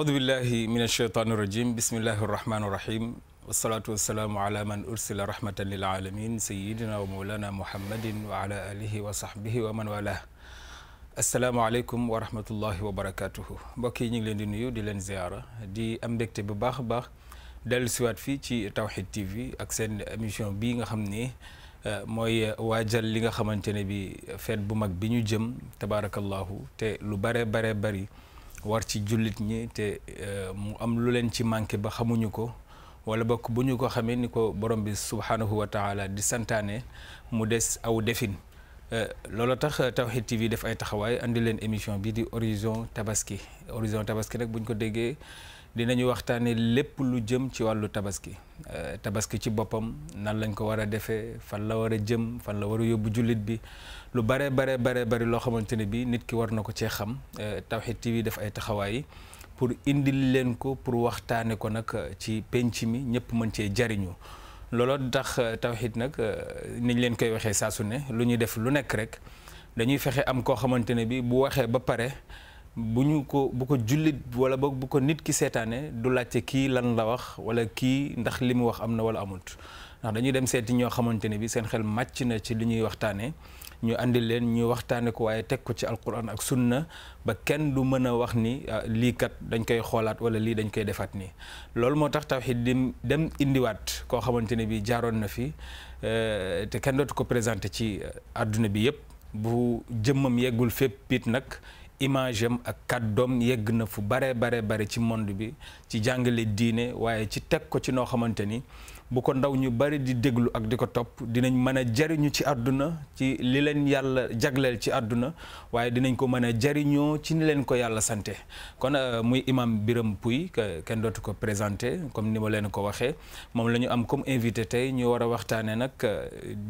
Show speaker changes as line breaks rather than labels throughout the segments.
aoudu billahi min alsheytaani irrajim bismillahi arrahmani irrahim wasalaatu wasalaamu ala man ursila rahmatan lil alamin sayidina wa maulana muhammadin wa ala alihi wa sahbihi wa man wala asalaamaaleykum wa rahmatullahi wa barakatuhu mbokk yi ñu ngi leen di nuyu di leen ziara di am mbégte bu baax a baax dellu siwaat fii ci Tawhid TV ak seen émission bii nga xam ne euh, mooy waajal li nga xamante ne bi feet bu mag bi ñu jëm tabaarakallahu te lu bare bare bari war ci jullit ñi te euh, mu am lu leen ci manqué ba xamuñu ko wala bokk bu ñu ko xamee ni ko borom bi subhaanahu wa taala di santaane mu des aw defin euh, loolu tax Tawhid TV def ay taxawaay indi leen émission bi di horizon tabaski horizon tabaski nag buñ ko déggee dinañu waxtaanee lépp lu jëm ci wàllu tabaski euh, tabaski ci boppam nan lañ ko war a defee fan la war a jëm fan la war yóbbu jullit bi lu bare bare bare bari loo xamante ne bii nit ki war na ko cee xam euh, Tawhid TV def ay taxawaay pour indil leen ko pour waxtaane ko nag euh, ci penc mi ñëpp mën cee jariñu looloo tax euh, Tawhid nag niñ leen koy waxee saasu ne lu ñuy def lu nekk rek dañuy fexe am koo xamante ne bii bu waxee ba pare bu ñu ko bu ko jullit wala boog bu ko nit ki seetaanee du laajte kii lan la wax wala kii ndax li mu wax am na wala amut ndax dañuy dem seeti ñoo xamante ne bii seen xel màcc na ci li ñuy waxtaanee. ñu andi leen ñu waxtaane ko waaye teg ko ci alquran ak sunna ba kenn du mën a wax ni ah, lii dañ koy xoolaat wala lii dañ koy defaat nii loolu moo tax tawxiid di dem indiwaat koo xamante ne bi jaaroon na fi eh, te kenn dootu ko présenté ci àdduna bi yëpp bu jëmmam yeggul fépp it nag imagem ak ak doom yegg na fu bare bare bare ci monde bi ci jàngale diine waaye ci teg ko ci noo xamante ni bu ko ndaw ñu bari di déglu ak di ko topp dinañ mën a jariñu ci àdduna ci li leen yàlla jagleel ci àdduna waaye dinañ ko mën a jariñoo ci ni leen ko yàlla sante kon euh, muy imam Biram Pouy kenn dootu ko présenté comme ni ma leen ko waxee moom la ñu am comme invité tey ñu war a waxtaanee nag euh,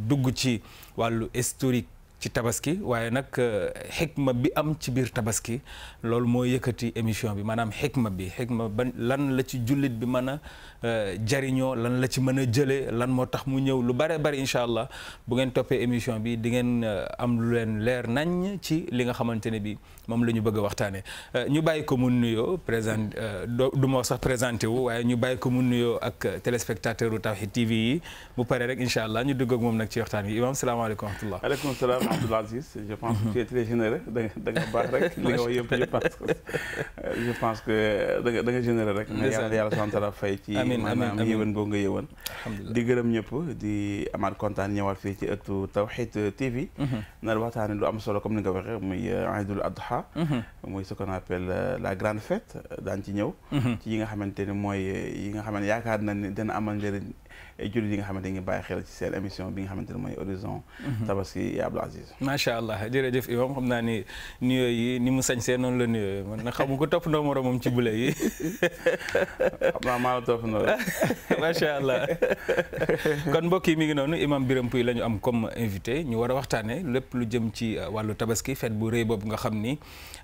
dugg ci wàllu historique ci tabaski waaye nag euh, xikma bi am ci biir tabaski loolu moo yëkkati émission bi maanaam xikma bi xikma ban lan la ci jullit bi mën a Euh, jariñoo lan la ci mën a jëlee lan moo tax mu ñëw lu bare bari incha allah bu ngeen toppee émission bi di ngeen euh, am lu leen leer nañ ci li nga xamante ne bi moom la ñu bëgg a waxtaanee euh, ñu bàyyi ko mun nuyoo présent du ma sax présenté wu ñu bàyyi ko mu nuyoo ak téléspectateur u Tawhid TV yi mu pare rek incha allah ñu dugg ak moom nag ci waxtaan bi imam salaamaaleykum wa rahmatullah aleykum
pense que tu wax yëpp je pense que da nga da nga yàlla yàlla sant ci amiin amiin maanaam yéwén boo nga yéwén di gërëm ñëpp di amaat kontaan ñëwaat fii ci ëttu Tawhid TV mhm. nar waxtaane lu am solo comme ni nga waxee muy Aïdul uh, Adha mhm. muy ce qu'on appelle uh, la grande fête daan ci ñëw mhm. ci yi nga xamante ne mooy uh, yi nga xamante yaakaar na ne dana amal njëriñ ay jullit yi nga xamante ngi bàyyi xel ci seen émission bi nga xamante ne mooy horizon mhm. tabaski ya Abdou Aziz
macha allah jërëjëf imam xam naa ni nuyoo yi ni mu sañ sañsee noonu la nuyoo yi man na xamu ko topp ndoo moroomam ci bule yi xam naa maa la topp ndoo macha allah kon mbokk yi mi ngi noonu imam Biram Pouy la ñu am comme invité ñu war a waxtaane lépp lu jëm ci euh, wàllu tabaski fête bu rëy boobu nga xam ni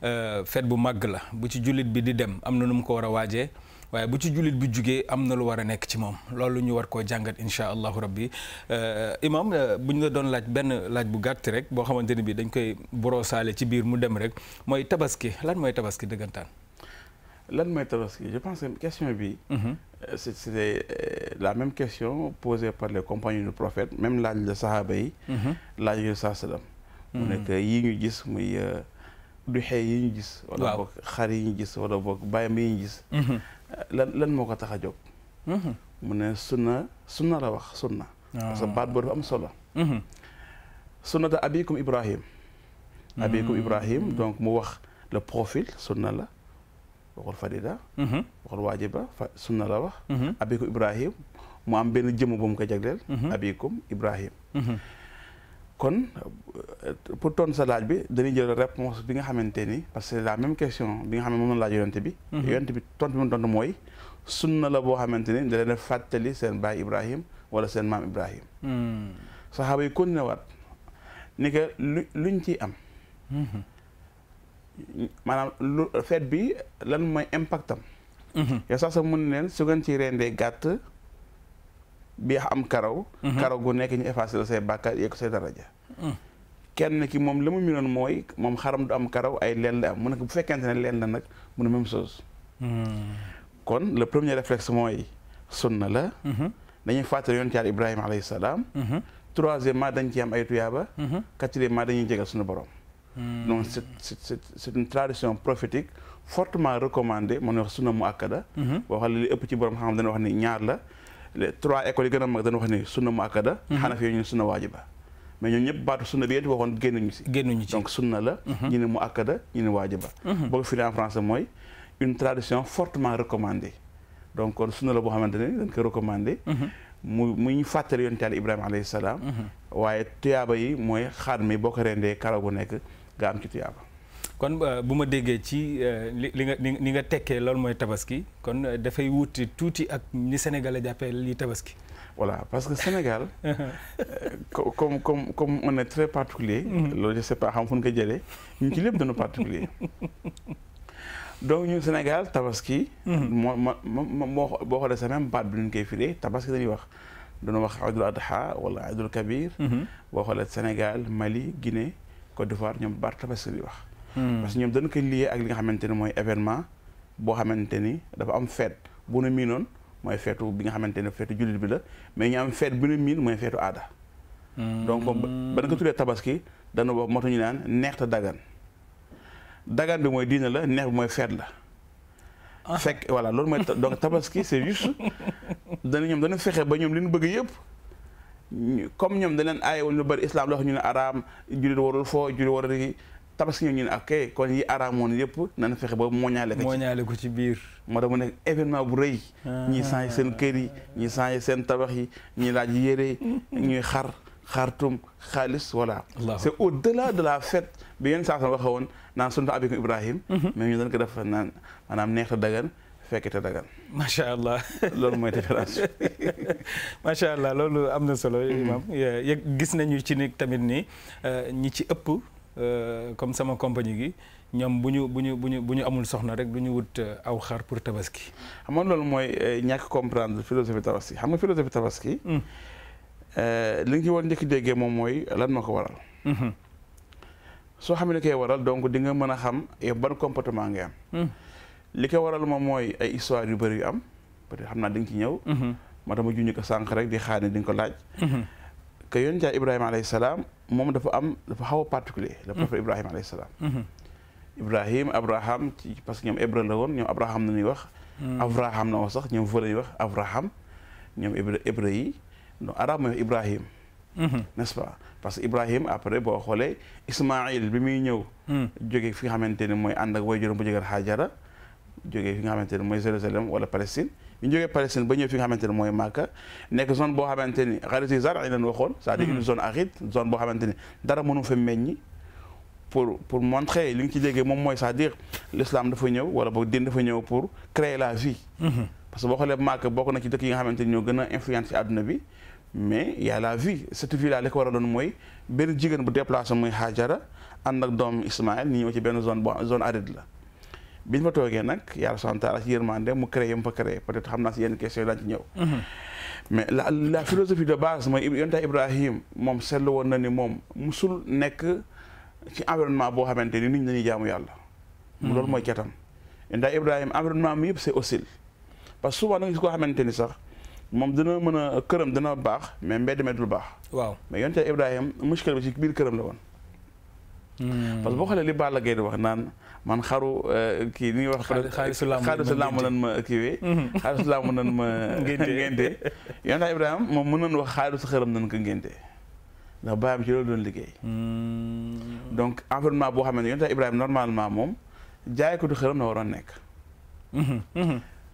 euh, fet bu màgg la bu ci jullit bi di dem am na nu mu ko war a waajee waaye bu ci jullit bu jugee am na lu war a nekk ci moom loolu ñu war koo jàngat incha allahu rabbi euh, imam euh, bu ñu la doon laaj benn laaj bu gàtt rek boo xamante ni bi dañ koy borosaale ci biir mu dem rek mooy tabaski lan mooy tabaski dëggantaan.
lan mooy tabaski je pense bi. Mhm. Euh, c'était la même question posée par les compagnons du prophète même laaj la sahaaba yi. Mhm. laaj yu saa salaam. mu mhm. nekk yii ñu gis muy du xee yi ñu gis. wala boog xar yi ñu gis wala boog bàyyam yi ñu gis. lan lan moo ko tax a jóg. Mhm. mu ne sunna sunna la wax sunna. Ah. parce que baat boo dafa am solo. Mhm. sunnata abikum Ibrahim. Mm. abikum Ibrahim donc mu wax le profil sunna la waxul fadida. Mhm. waxul waajiba sunna la wax. abikum Ibrahim mu am benn jëmm bu mu ko jagleel. abikum Ibrahim. kon pour ton sa laaj bi dañuy jël réponse bi nga xamante ni parce que la même question bi nga xam ne moom la laaj yonent bi mhm. yonent bi tontu bi mu tontu mooy sunna la boo xamante ni da fàttali seen baay Ibrahim wala seen maam Ibrahim hmm. saxaaba yi continué waat ni que lu luñ ciy am mhm. maanaam lu fête bi lan mooy impact am mhm. yow sax sa mun leen su ngeen ci rendee gàtt bi am karaw mhm. karaw gu nekk ñu effacé la say bàkkaar yee say daraja mhm. kenn ki moom la mu miinoon mooy moom xaram du am karaw ay leen la am mu ne bu fekkente ne leen la nag mu ne même chose mhm. kon le premier réflexe mooy na la dañuy fàttali yoon ci yàlla Ibrahima alayhi salaam troisièmement dañ ci am ay tuyaaba quatrièmement dañuy jégal suñu borom donc c'est c'est une tradition prophétique fortement recommandée mën wax sunna mu akkada boo xam li ëpp ci borom xam dana wax ni ñaar la les trois écoles yi gën a mag dañu wax ni sunna muakkada xanafi mhm. yi ñu ne sunna waajiba mais ñun ñëpp baatu sunna bi yéen waxoon génnuñu si donc sunna la mhm. ñu ne muakkada ñu ne waajiba mhm. boo ko firi en français mooy une tradition fortement recommandée donc kon sunna la boo xamante ne dañ koy mu mu ñu fàttali yonent Yàlla Ibrahima alayhi salaam waaye tuyaaba yi mooy xaar mi boo ko rendee karaw gu nekk nga am ci tuyaaba
kon euh, bu ma déggee ci euh, li nga ni nga tekkee loolu mooy tabaski kon euh, dafay wuti tuuti ak ni Sénégal a jàppee lii tabaski.
voilà parce que Sénégal comme comme comme on est particulier mhm. loolu je sais pas xam fu ñu ko jëlee ñu ci lépp dañu particulier donc ñun Sénégal tabaski. Mhm. moo ma ma boo xoolee sax baat bi ñu koy firee tabaski dañuy wax dañu wax Idul Adha wala Idul Kabir. Mhm. boo xoolee Sénégal Mali Guinée de d'Ivoire ñoom baat tabaski bi wax. Hmm. parce que ñoom dañ koy lié ak li nga xamante ne mooy événement boo xamante ni dafa am fête bu nu miinoon mooy feetu bi nga xamante ne feetu jullit bi la mais ñu am fête bu nu miin mooy feetu aada. Hmm. donc ba na ko tuddee tabaski dana wax motu ñu naan neex te dagan mooy diine la neex mooy feet la. Ah. fekk voilà loolu mooy donc tabaski c'est juste dana ñoom dana fexe ba ñoom li ñu bëgg yëpp. comme ñoom dañ leen aaye woon lu bari islam loo xam ñu ne araam jullit warul foo jullit warul tabaski ñu ne ak kon yi araamoon yëpp nañu fexe ba mooñaale ko ci ko ci biir moo tax mu nekk événement bu rëy ah. ñii changé seen kër yi ñii changé seen tabax yi ñii laaj yére ñuy xar xartum xaalis voilà c'est au delà de la fête bi ngeen saa sa waxe woon naan sunta abikum ibrahim mhm. mais ñu dañ ko def naan a dagan fekkite dagan
macha allah loolu mooy différence macha allah am na solo mhm. imam gis nañu ci ni tamit ni euh, ñi ci ëpp Euh, comme sama compagnie gi ñoom bu ñu bu ñu bu ñu bu ñu amul soxna rek du ñu wut euh, aw xar pour tabaski.
xam nga loolu mooy euh, ñàkk comprendre philosophie tabaski xam nga philosophie tabaski. Hmm. li nga ci war njëkk déggee moom mooy lan moo ko waral. soo xam ne koy waral donc di nga mën a xam ban comportement ngay hmm. li ko waral moom mooy ay yu bëri yu am peut-être xam naa di nga ci ñëw. moo tax ma junj ko sànq rek di xaar ne di ko laaj. que yonent Yàlla Ibrahima alayhi salaam moom dafa am dafa xaw a particulier le mm-hmm. prophète Ibrahima alayhi salaam. Mm-hmm. Ibrahim Abraham ci parce que ñoom hébreu la woon ñoom Abraham la ñuy wax. Mm-hmm. Avraham la woon sax ñoom vële ñuy wax Avraham ñoom hébreu hébreu yi donc arabe mooy Ibrahim. n'est-ce pas parce que Ibrahim après boo xoolee Ismaïl bi muy ñëw. Mm. jóge fi nga xamante ne mooy ànd ak waajuram bu jëgal Haajara. jógee fi nga xamante ne mooy Jérusalem wala Palestine ñu jógee Palestine ba ñëw fi nga xamante ne mooy Màkka nekk zone boo xamante ni xariti zar ay leen waxoon c'est-à-dire une mm-hmm. zone aride zone boo xamante ni dara mënu fa meññi pour pour montrer li nga ci déggee moom mooy c'est-à-dire l'islam dafa ñëw wala boog diin dafa ñëw pour créer la vie mm-hmm. parce que boo xoolee Màkka bokk na ci dëkk yi nga xamante ñoo gën a influence ci àdduna bi mais y a la vie cette vie là li war a doon mooy benn jigéen bu déplacé muy Haajara ànd ak doom Ismaël ñu ñëw ci benn zone boo zone aride la biñ ma toogee nag yàlla santaala si yërmande mu créé mu fa créé peut être xam naa si yenn question yi laa ci ñëw mhm. mais la la philosophie de base mooy yontaa Ibrahim moom seetlu woon na ni moom musul nekk ci environnement boo xamante ni nit ñi dañuy jaamu yàlla mhm. loolu mooy catam yontaa Ibrahim environnement mi yëpp c'est hostile parce que souvent da nga gis koo xamante ni sax moom dina mën a këram dina baax mais mbedd mi dul baax waaw mais yontaa Ibrahim mushkil bi ci biir këram la woon Hmm. parce que boo xoolee li Balla Gaye di wax naan man xaru eh, kii ni ñuy wax. xaalisu laamu xaalisu laamu nan ma kiiwee. Hmm. xaalisu laamu nan ma ngénte yonent Ibrahima moom mën nañu wax xaalisu xëram nan ko ngénte ndax baayam ci loolu doon liggéey. Hmm. donc environnement boo xam ne yonent Ibrahima normalement moom jaay ko du xëram na waroon nekk.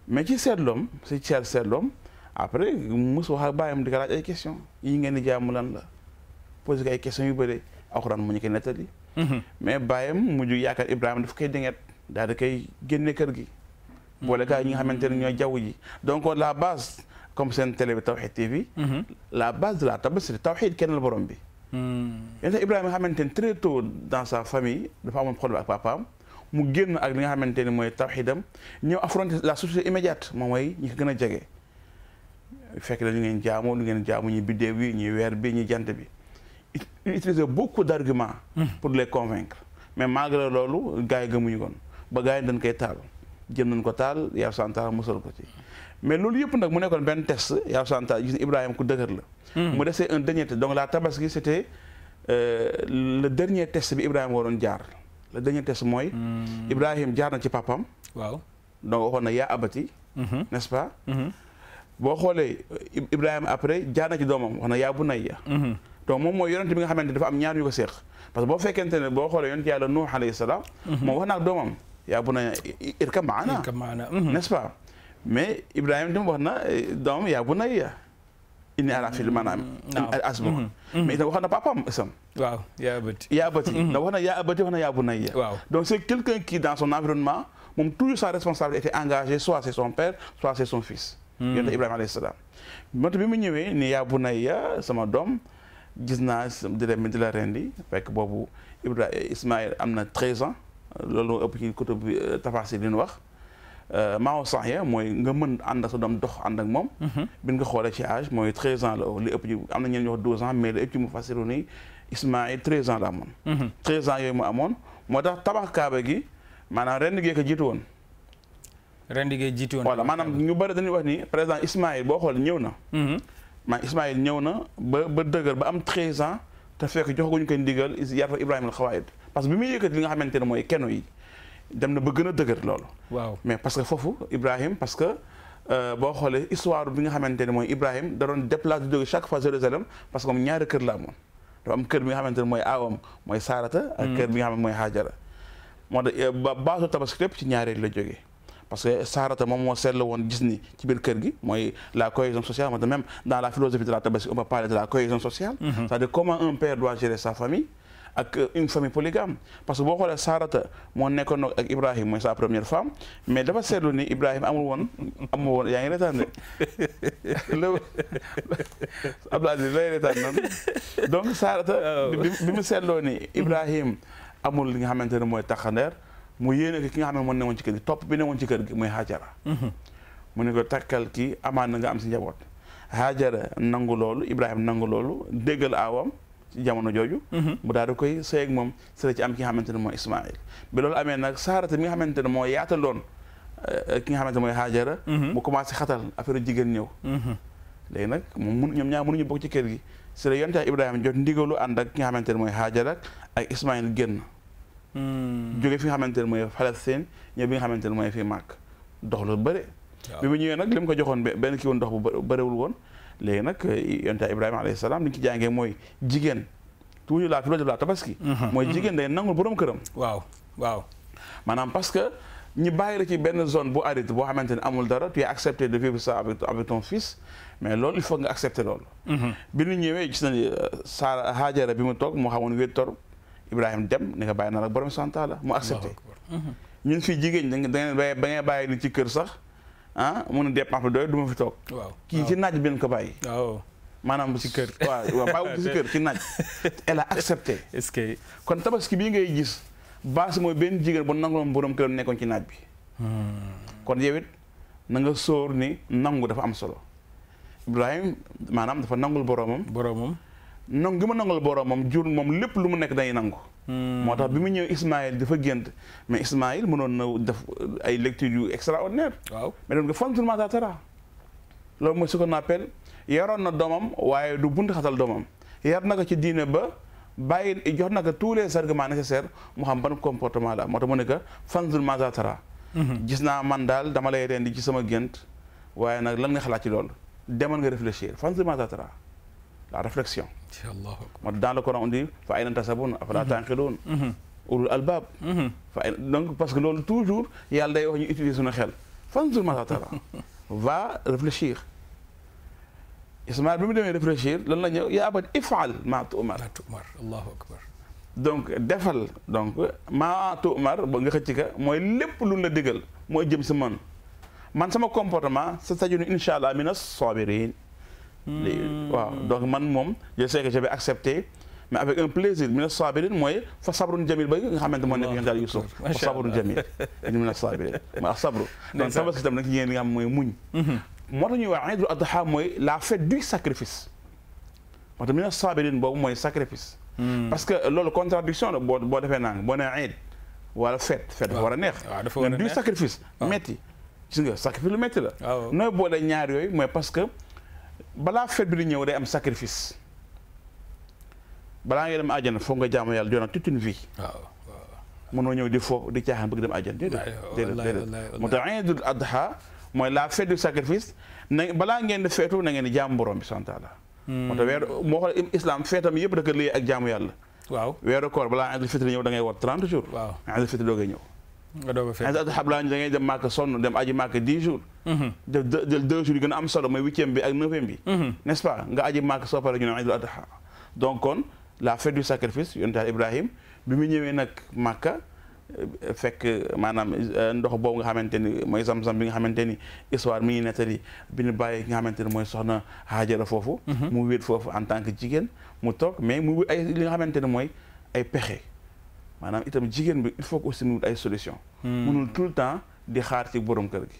mais ci seetloom si Thiel seetloom après mos wax ak baayam di ay question yi ngeen di jaamu lan la posé ko ay questions yu bëri alxuraan Mm-hmm. mais bàyyam mujj yaakaar Ibrahima daf koy dinget daal di koy génne kër gi. boole kaa ñi nga xamante ne ñooy jaww ji donc la base comme seen télé bi Tawhid TV. Mm-hmm. la base de la taw tawhid kenn la borom bi. Mm. yéen Ibrahima nga xamante ne très dans sa famille dafa amoon problème ak papaam mu ak li nga xamante ne mooy tawhidam ñëw affronter la société immédiate moom mooy ñi ko gën a jege. fekk na ñu ngeen jaamoo lu ngeen jaamu ñu biddéew yi ñuy weer bi ñu jant bi. utiliser beaucoup d'arguments pour les convaincre mais malgré loolu gars yi gëmuñu koon ba gars yi dañ koy taal jëm nañ ko taal Yaaw musal ko ci mais loolu yëpp nag mu nekkoon benn test Yaaw Santa gis Ibrahima ku dëgër la hmm. mu desee un dernier test la tabaski euh, test bi Ibrahima jaar le dernier mooy hmm. Ibrahima jaar na ci papam waaw donc waxoon yaa abati mm-hmm. nest mm-hmm. boo xoolee Ibrahima après jaar na ci yaa donc moom mooy yonent bi nga xamante dafa am ñaar yu ko seeq parce que boo fekkente ne boo xoolee yonent yàlla nuux alayhi salaam mhm. moom wax na ak doomam yaa bu na irkab maana mhm. n'est-ce pas mais ibrahima tam wax na doomam yaa bu nay inni ala fil manam mhm. asma mais itam wax na papaam isam waaw yaa abati yaa abati ndax wax na yaa abati wax na yaa bu nay donc c'est quelqu'un qui dans son environnement moom toujours sa responsabilité était engagée soit c'est son père soit c'est son fils yonent ibrahima alayhi salaam moom bi mu ñëwee ni yaa bu nay sama doom gis naa di leen di la rendi fekk boobu Ibra Ismaïl am na 13 ans loolu ëpp ci côté bi euh, tafaasi li wax maaw sax ya mooy nga mën ànd a sa doom dox ànd ak moom. Mhm. bin nga xoolee ci âge mooy 13 ans la li ëpp ci am na ñeneen ñu amoon. 13 mhm. ans yooyu mu amoon moo tax tabax kaaba gi maanaam rendi gee ko jiitu woon. rendi gee jiitu woon. voilà maanaam ñu bëri dañuy wax ni président Ismaïl boo xool ñëw na. Mhm. maa Ismaïl ñëw na ba ba dëgër ba am 13 ans te fekk joxaguñu ko ndigal yar fa Ibrahima al xawaayid parce que bi muy yëkkati li nga xamante ne mooy keno yi dem na ba gën a loolu. waaw mais parce que foofu Ibrahim parce que euh, boo xoolee histoire bi nga xamante ne mooy Ibrahim daroon doon déplacé jóge chaque fois Jérusalem parce que moom ñaari kër la amoon dafa am kër bi nga xamante ne mooy aawam mooy Saarata. ak hmm. kër bi nga xam mooy Haajara. moo tax euh, baasu tabaski lépp ci ñaareel la jógee. parce que Sarata moom moo seetlu woon gis ni ci kër gi mooy la cohésion sociale mais même dans la philosophie de la tabaski on peut parler de la cohésion sociale mm-hmm. cest dire comment un père doit gérer sa famille ak euh, une famille polygame parce que boo xoolee Sarata moo nekkoon ak Ibrahima mooy sa première femme mais dafa seetlu ni Ibrahima amul woon amul woon yaa ngi retaan oh. li nga xamante ne mooy taxandeer mu yéene ko ki nga xam ne moo newoon ci kër gi topp bi newoon ci kër gi muy Hajara mhm. mu ne ko takkal kii amaan na nga am si njaboot Hajara nangu loolu Ibrahima nangu loolu déggal aawam ci jamono jooju mhm. mu daal di koy sëy ak moom sëy ci am ki nga xamante ne mooy Ismaïl bi loolu amee nag saarata mi nga xamante ne moo yaataloon eh, ki nga xamante ne mooy Hajara mhm. mu commencé xatal affaire jigéen ñëw léegi nag moom ñoom ñaar mënuñu bokk ci kër gi si la yonte Ibrahima jot ndigalu ànd ak ki mooy Hajara ak Ismaïl génn Hmm. jóge fi nga xamante ne mooy Palestine ñëw bi nga xamante ne mooy fii Màkk dox lu bëri bi mu ñëwee nag li mu ko joxoon benn kii woon dox bu bëriwul woon léegi nag eh, yonte Ibrahima alayhi salaam li ñu ci jàngee mooy jigéen tuuti laa fi la def laa tabaski uh-huh. mooy uh-huh. jigéen day nangul borom këram waaw waaw maanaam parce que ñu bàyyi ci benn zone bu aride boo xamante ne amul dara tu es accepté de vivre ça avec ton fils mais loolu il faut nga accepté loolu uh-huh. bi ñu ñëwee gis nañu euh, Saara Haajara bi mu toog Ibrahima dem ni nga bàyyi naa ak borom santa la mu accepté ñun fii jigéen da dangeen ba ba ngay bàyyi ni ci kër sax ah mun na dépense bi duma fi toog kii ci naaj bi leen ko bàyyi maanaam ci kër waaw waaw bàyyi ci kër ci naaj elle a accepté que kon tabaski bii ngay gis base mooy benn jigéen bu nanguloon borom këram nekkoon ci naaj bi hmm. kon yow it nga sóor ni nangu dafa am solo Ibrahima maanaam dafa nangul boromam boromam nong gi ma nangal borom moom jur moom lépp lu mu nekk day nangu. Hmm. moo tax bi mu ñëw Ismaël dafa gént mais Ismaël mënoon na def euh, ay lecture yu extraordinaire. waaw mais donc fontul ma tara loolu mooy ce yaroon na doomam waaye du bunt xatal doomam yar na ko ci diine ba bàyyi jox na ko tous les arguments nécessaires mu xam ban comportement la moo tax mu ne hmm. gis naa man daal dama lay rendi ci sama gént waaye nag lan nga xalaat ci loolu demal nga réfléchir fanzur maza tara la réflexion. dans le Coran on fa ayna tasabun afala mhm. taqilun mhm. ulul albab mhm. fa donc parce que loolu toujours yàlla day wax ñu utiliser suñu xel fanzur maa tara va réfléchir Ismaël bi mu demee réfléchir lan la ñëw yaa abati ifal maa tu'mar donc defal donc maa tu'mar ba nga xëcc ka mooy lépp lu la digal mooy jëm si man man sama comportement sa tajuni incha allah mina sabirin Hmm. waaw donc man moom je sais que j'avais accepté mais avec un plaisir mina sabirin mooy fa sabrun jamil ba nga xamante moo nekk yàlla Yusuf fa moo tax ñuy wax Iidul Adha mooy la fête du sacrifice moo tax mina sabirin hmm. a neex du sacrifice lu métti la nooy boole ñaar yooyu mooy parce que balaa fet bi ñëw day am sacrifice balaa ngay dem àjjana foog nga jaamu yàlla joona toute une vie. waaw mënoo ñëw di fo di caaxaan bëgg dem àjjana déedéet. déedéet déedéet moo tax iidul adha mooy la fête du sacrifice na balaa ngeen di feetu na ngeen di jaamu borom bi sant Allah. Hmm. moo tax weer moo xool islam feetam yëpp da ko ak jaamu yàlla. waaw weeru koor balaa iidul fitri ñëw da ngay war 30 jours. waaw iidul fitri doogay ñëw.
nga a fekk xaj xablaan da
mhm. a am solo mooy huitième bi ak neuvième bi mhm. nest euh, euh, boobu nga xamante ni mooy zam-zam bi nga xamante ni histoire mi ngi nettali bi ñu bàyyi nga xamante ni mooy soxna Haajara foofu mhm. mu wéet foofu en tant que jigéen mu toog mais mu ay li nga xamante ne mooy ay pexe maanaam itam jigéen bi il faut que aussi ñu wut ay solution mënul hmm. tout le temps di xaar ci borom kër gi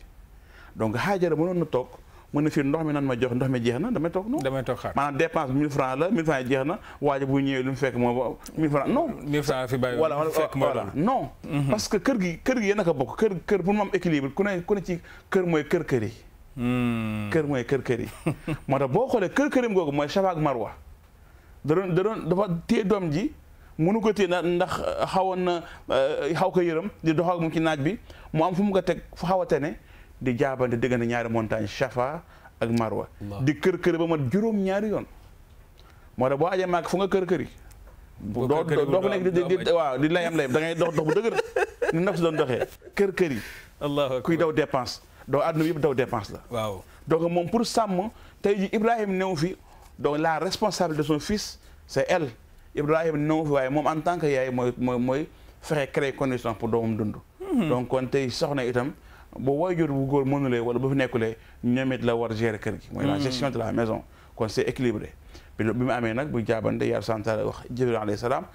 donc Haajara mënoon na toog mën na fii ndox mi nan ma jox ndox mi jeex na damay toog noonu damay toog xaar maanaam dépense bi 1000 francs la 1000 francs yi jeex na waaja bu ñëwee lu mu fekk moom 1000 francs non 1000 francs fi bàyyi voilà voilà non hmm. parce que kër gi kër gi yéen a ko bokk kër kër pour mu am équilibre ku ne ku ne ci kër mooy kër kër yi hmm. kër mooy kër kër yi moo tax boo xoolee kër kërim googu mooy Safa ak Marwa da doon da doon dafa téye doom ji mënu ko téye ndax eh, xawoon na eh, xaw ka yërëm di dox mu moom ci naaj bi mu am fu mu ko teg fu xaw a tane di jaabante diggante ñaari montagne Safa ak Marwa di kër kër ba mat juróom ñaari yoon moo tax boo ajee maag fu nga kër kër yi doo doo fa nekk di di waaw di layam layam da ngay dox dox bu dëgër ni naf si doon doxee kër kër yi kuy daw dépense doo àdduna bi yëpp daw dépense la waaw donc moom pour sàmm tey ji Ibrahima new fi donc la responsabilité de son fils c'est elle Ibrahima dina ma fi waaye moom en tant que yaay mooy mooy mooy fexe créer condition pour doomam dund mhm. donc kon tey soxna itam bu waajur bu góor mënulee wala fi nekkulee ñoom it la war gérer kër gi mooy la mhm. gestion de la maison kon c'est équilibré bi bi mu amee nag bu jaabante yar santala wax Jibril alayhi salaam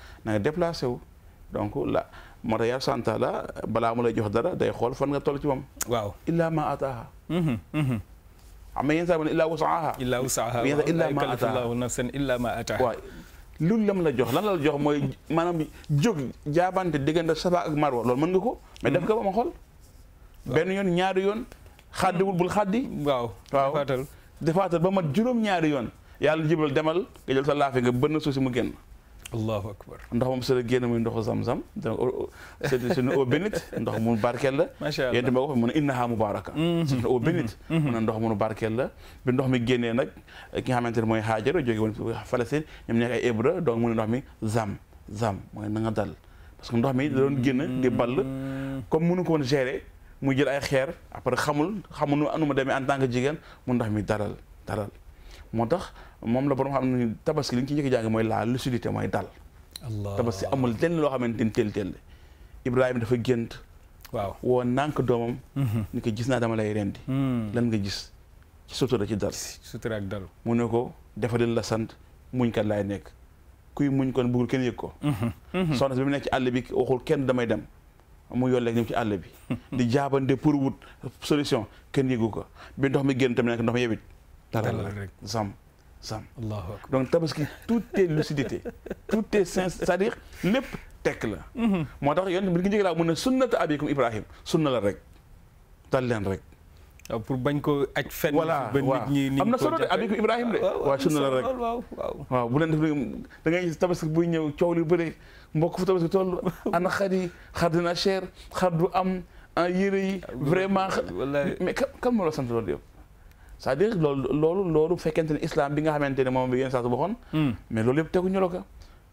donc la moo tax yar santala balaa mu lay jox dara day xool fan nga toll ci moom waaw illaa ma ataaha mhm, am na yenn saa mu ne illaa wasaaha illaa ma ataaha loolu lam la jox lan la jox mooy maanaam jóg jaabante diggante Safa ak Marwa loolu mën nga ko. ma def ko ba ma xool. benn yoon ñaari yoon. xaddiwul bul xaddi. waaw waaw defaatal ba ma juróom ñaari yoon. yàlla jibal demal nga jël sa laafi nga bënn suuf si mu génn. allahu akbar ndox moom su la génn muy ndoxu zam-zam donc c'est une eau bénite ndox mu barkeel la yéen tamit ko fa mun a innaha mubaraka c'est une eau mun a ndox mu barkeel la bi ndox mi génnee nag ki nga xamante ne mooy xaajara jóge woon Palestine ñoom nekk ay hébreu donc mu ne ndox mi zam zam mooy na nga dal parce que ndox mi da doon génn di ball mm-hmm. comme mënu ko woon gérer mu jël ay xeer après xamul xamul nu anuma demee en tant que jigéen mu ndox mi daral daral moo tax moom la borom xam ne tabaski li ñu ci njëkk jàng mooy la lucidité mooy dal tabaski amul lenn loo xamante ni tel tel Ibrahima dafa gént waaw woo nànk doomam mhm. ni ko gis naa dama lay rendi hmm. lan nga gis ci sutura ci dal sutura ak dal mu ne ko dafa la sant muñ kat lay nekk kuy muñ kon bëggul kenn yëg ko mhm. Mhm. soxna si bi mu nekk ci àll bi waxul kenn damay dem mu yolleeg ñëw ci àll bi di jaabande pour wut solution kenn yëgu ko bi ndox mi génn tamit nekk ndox mi yebit sam donc tabaski tout est lucidité tout tekk la mhm. moo tax yonent bi ngi njëkk laa mun ne sunnata abikum ibrahim la rek dal leen rek pour bañ ko aj fenn voilà ba nit ñi ni am na solo de abikum ibrahim de waaw bu ñëw coow li bëri mbokk fu tabaski toll ana xar yi xar dina am en ah, yére yi vraiment mais kan sant loolu yow c'est-à-dire loolu loolu loolu fekkente ne islam bi nga xamante ne moom bi yenn saa su waxoon hmm. mais loolu yëpp teguñu la ko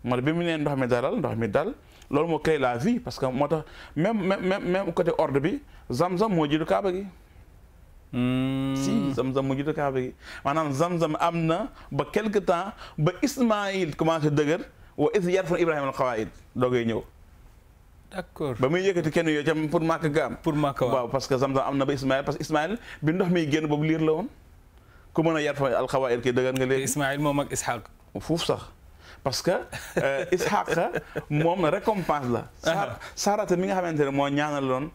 moo tax bi mu neen ndox mi dalal ndox mi dal loolu moo créé la vie parce que moo tax même même même côté ordre bi zam-zam moo jiitu kaaba gi hmm. si zam moo jiitu kaaba maanaam zam-zam am na ba quelque temps ba Ismaïl commencé dëgër wa is yarfan Ibrahima al xawaid doogay ñëw d'accord ba muy yëkkati kenn yooyu tam pour màkk ga am pour màkk waaw parce que Zamzam am na ba Ismaël parce que Ismaël bi ndox mi génn boobu liir la woon ku mën a yar fa alxawaayir kii dëgër nga léegi Ismaël moom ak Isxaaq foofu sax parce que euh, Isxaaq moom récompense la ah. Saarata mi nga xamante ne moo ñaanaloon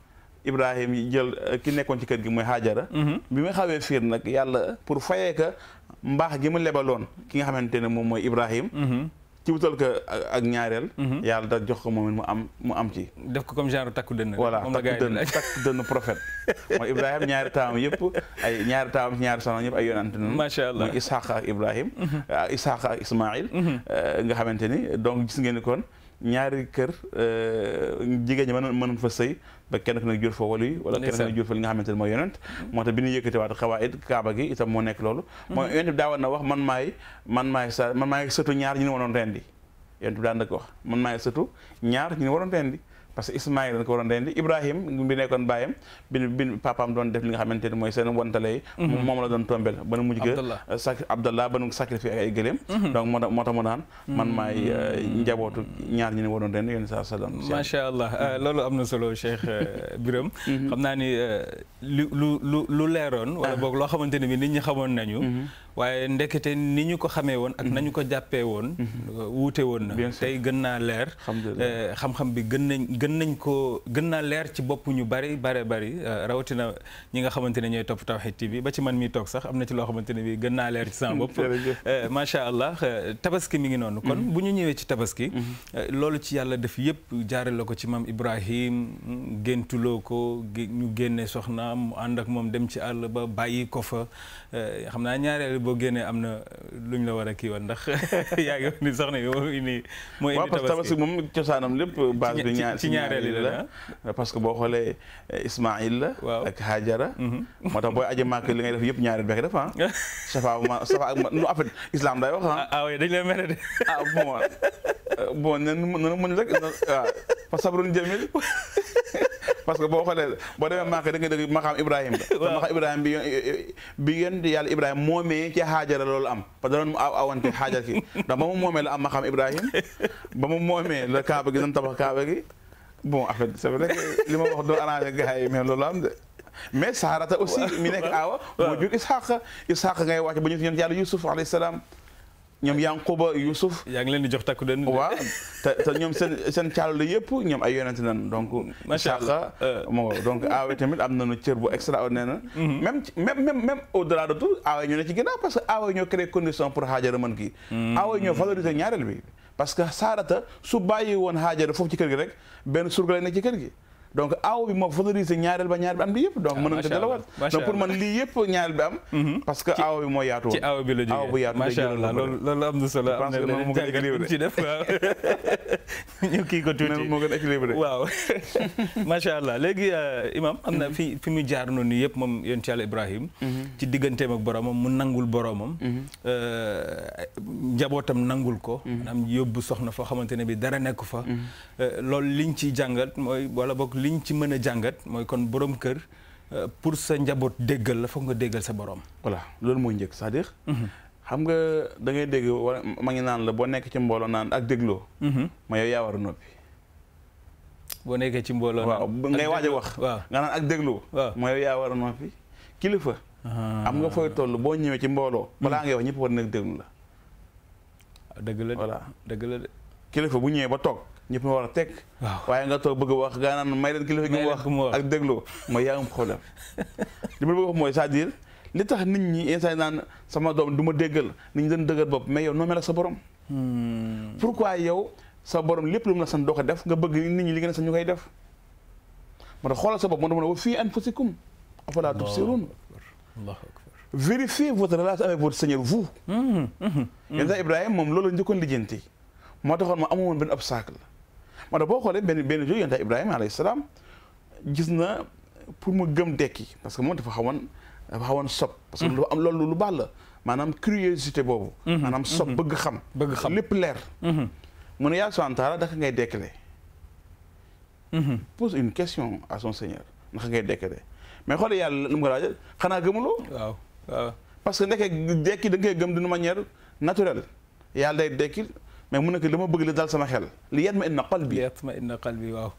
Ibrahim jël euh, ki nekkoon ci kër gi mooy Haajara mm-hmm. bi mu xawee fiir yàlla pour fayee ka mbaax gi mu lebaloon ki nga xamante ne moom mooy Ibrahim mm-hmm. ci wutal ko ak ñaareel. Mhm. yàlla da jox ko moom mu am mu am ci. def ko comme genre takku dënn. voilà takku dënn takku dënn prophète. mooy Ibrahima ñaari taawam yëpp ay ñaari taawam ñaari soxna yëpp ay yonante nañu. macha allah muy Isaaqa ak Ibrahima. Mhm. ak ah, Isaaqa ak Ismaïl. Mhm. Eh, nga xamante ni donc gis ngeen kon ñaari kër eh, jigéen ñi mën mën fa sëy. ba kenn ku nekk jur fa walu yi wala kenn ku nekk jur fa li nga xamante ne mooy yonent moo tax bi ñu yëkkatiwaat xawaayit kaaba gi itam moo nekk loolu mhm. mooy yonent bi daawoon na wax man maay man maay sa man maay ñaar ñu ne waroon rendi yonent bi daan na ko wax man maay sëtu ñaar ñu ne waroon rendi parce que Ismaïl dañ ko waroon rendi Ibrahim bi nekkoon bàyyam bi bi papaam doon def li nga xamante ni mooy seen wantalay mhm. moom la doon tombel ba nu mujj ga euh, sac Abdallah ba nu sacrifié ay gëléem mhm. donc moo tax moo tax mu naan man mhm. maay euh, njabootu ñaar ñi ne waroon rendi yéen saa salaam
macha allah euh, loolu am na solo Cheikh Birame xam naa ni lu lu leeroon wala ah. boog loo xamante ne bi nit ñi xamoon nañu waaye ndekete ni ñu ko xamee woon ak nañu ko jàppee woon mhm. wuute woon na tey gën naa leer euh, xam-xam bi gën nañ gën nañ ko gën naa leer ci bopp ñu bari bare bari euh, rawatina ñi nga xamante ne ñooy topp Tawhid TV ba ci man mi toog sax am na ci loo xamante ne bi gën naa leer ci sama euh, macha allah tabaski mi ngi noonu kon mhm. bu ñu ñëwee ci tabaski mhm. loolu ci yàlla def yëpp jaare la ko ci maam Ibrahim géntuloo ko ñu génne soxna mu ànd ak moom dem ci àll ba bàyyi ko fa xam naa ñaareelu boo génnee am na euh,
luñ la war a kii woon ndax yaa ngi wax ni soxna yi moo moo indi tabaski moom cosaanam lépp. base bi ñaar ci ñaareel la parce que boo xoolee euh, Ismaïl la. waaw ak Hajara. Mhm. moo tax booy aje màkk li ngay def yëpp ñaareel beek def ah. safa ma safa ak ma nu en fait islam day wax a ah. Ah, ah oui dañ mere de. ah bon euh, bon nan nan muñ rek waaw fa sabrun jamil parce que boo xoolee boo demee Màkka da nga dégg Maqaam Ibrahima. waaw Maqaam Ibrahima bi bi yéen yàlla Ibrahima moomee ci Haajara loolu am parce que da ki ndax ba mu moomee la am Maqaam Ibrahima ba mu moomee la Kaaba gi doon Kaaba gi bon en fait c'est li ma wax doo arrangé gars yi mais am de. Saarata aussi mi nekk aawa moo jur Isxaaq Isxaaq ngay wàcc Yusuf alayhi ñoom Yankuba Yusuf. yaa ngi leen di jox takku den. waaw te ñoom seen seen caalale yëpp ñoom ay yonent nan donc. macha allah euh. moo donc aawe tamit am na nu cër bu extraordinaire na. Mhm. même même même même au delà de tout aawe ñoo ne ci ginnaaw parce que aawe ñoo créé condition pour Haajara mën kii. aawe mhm. ñoo valoriser ñaareel bi parce que Saarata su bàyyi woon Haajara foofu ci kër gi rek benn surga lay nekk ci kër gi. donc aw bi moo favoriser ñaareel ba ñaar bi am bi yëpp donc mën na delawaat donc man lii yëpp ñaareel bi am mm-hmm. parce que aw bi moo yaatu ci aw la jógee aw bu yaatu macha allah loolu loolu
macha allah léegi euh, imam am na mm-hmm. fi fi muy jaar noonu yëpp moom yonent yàlla ibrahim mm-hmm. ci digganteem ak boromam mu nangul boromam euh, njabootam nangul ko maanaam yóbbu soxna foo xamante ne bi dara nekk fa euh, loolu liñ ci jàngat mooy wala bokk liñ ci mën a jàngat mooy kon borom kër euh,
pour sa njaboot déggal la foog nga déggal sa borom. voilà loolu mooy njëkk cest à mhm. xam nga da ngay dégg ma ngi naan la boo nekk ci mbooloo naan ak dégloo. Mhm. ma yaa war a noppi. boo nekkee ci mbooloo. waaw ngay waaj wax. waaw nga naan ak dégloo. waaw ma yow yaa war a noppi kilifa. Ah. am nga fooy toll boo ñëwee ci mbooloo. balaa ngay wax ñëpp war na déglu la. dëgg la dëgg la de. kilifa bu ñëwee ba toog. ñëpp ma war a teg. waaye nga toog bëgg a wax gaa naan may leen kilifa gi wax ak déglu mooy yaa am problème. li ma bëgg mooy cest à li tax nit ñi instant naan sama doom du ma déggal nit ñi dañu dëggal bopp mais yow noo mel sa borom.
Hmm.
pourquoi yow sa borom lépp lu mu la san doo ko def nga bëgg nit ñi li ngeen san ñu koy def. moo tax xoolal sa bopp moo wa fii anfusikum afalaa tubsiruun vérifiez votre relation avec votre Seigneur vous. Hmm, hmm, yenn saa Ibrahima moom loolu njëkkoon lijjanti moo taxoon ma amoon benn obstacle. moo tax boo xoolee benn benn jour yonent Ibrahima alayhi salaam gis na pour mu gëm dekki parce que moom dafa xawoon dafa xawoon sob parce que dafa mm-hmm. am loolu lu baax la maanaam curiosité boobu mm-hmm. maanaam sob mm-hmm. bëgg xam bëgg xam lépp leer mu ne yàlla subhaanahu wa taala naka ngay dekkale pose une question à son seigneur naka ngay dekkale mais xoole yàlla lu mu ko laajal xanaa gëmuloo parce que ndeke dekki da nga koy gëm ma manière naturelle yàlla day dekkil mais mu ne ko dama bëgg li dal sama xel li yatma inna qalbi li yatma inna qalbi waaw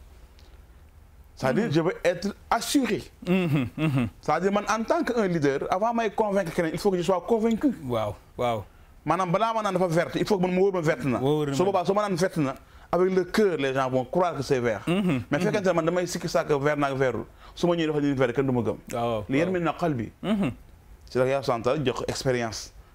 c'est-à-dire je veux être assuré mhm, mhm. c'est-à-dire man en tant que un leader avant may convaincre keneen il faut que je sois convaincu waaw waaw maanaam balaa ma naan dafa verte il faut que man ma wóor ma verte na su boobaa su ma naan verte na avec le cœur les gens vont croire que c'est vert mhm, mais fekkente ne man damay sikki sàkk vert naak vertul su ma ñëwee dafa ñu vert kenn du gëm li yatma inna qalbi ci la yaa santal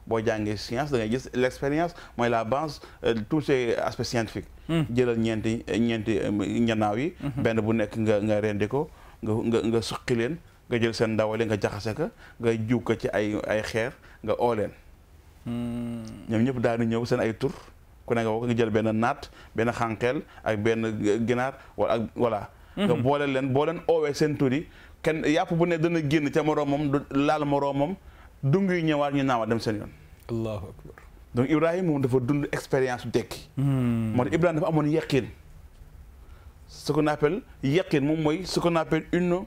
boo jàngee science da ngay gis l' expérience mooy la base euh, tous ces aspects scientifiques hmm. jëlal ñeenti ñeenti euh, ñanaaw yi hmm. benn bu nekk nga nga rendi ko nga nga nga suqi leen nga jël seen ndawale nga jaxase ko nga jiw ko ci ay ay xeer nga oo leen hmm. ñoom ñëpp daanu ñëw seen ay tur ku ne nga jël benn naat benn xànqeel ak benn ginaar wala ak nga boole leen boo leen oowee seen tur yi kenn yàpp bu ne dana génn ca moroomam du laal moroomam dung yu ñëwaat ñu naawaat dem seen yoon. allahu akbar donc Ibrahima moom dafa dund expérience su tekki. Hmm. moo tax amoon yaqin. ce qu'on appelle moom mooy ce qu'on appelle une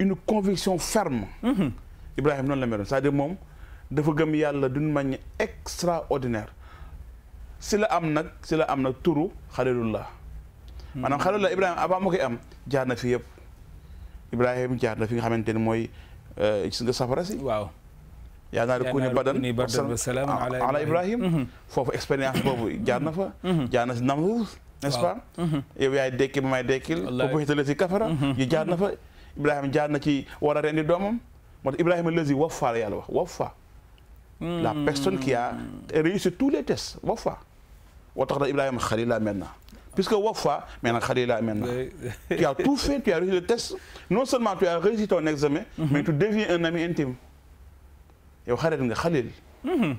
une conviction ferme. Hmm. Ibrahima noonu la meloon cest à moom dafa gëm yàlla d'une manière extraordinaire. si la am nag si la am nag turu xalilullah hmm. maanaam xalilullah Ibrahima avant ma koy am jaar na fi yëpp Ibrahima jaar na fi nga xamante ne mooy euh, gis nga safara si waaw. yaa naa rek ku ni badan ala ibrahim mm-hmm. foofu expérience boobu jaar na fa mm-hmm. Mm-hmm. jaar na si Namruud n'est-ce pas yow yaay dekki ba may dekkil boobu hitale si kafara yi jaar na fa ibrahima jaar na ci war a rendi doomam moo waffa la yàlla wax waffa la a réussi tous les tests waffa woo tax na ibrahima xalila maintenant puisque Wafa maintenant Khalila maintenant tu as tout fait tu as réussi le test non seulement tu as réussi ton examen mais tu deviens un ami intime yow xarit nga xalil mm-hmm.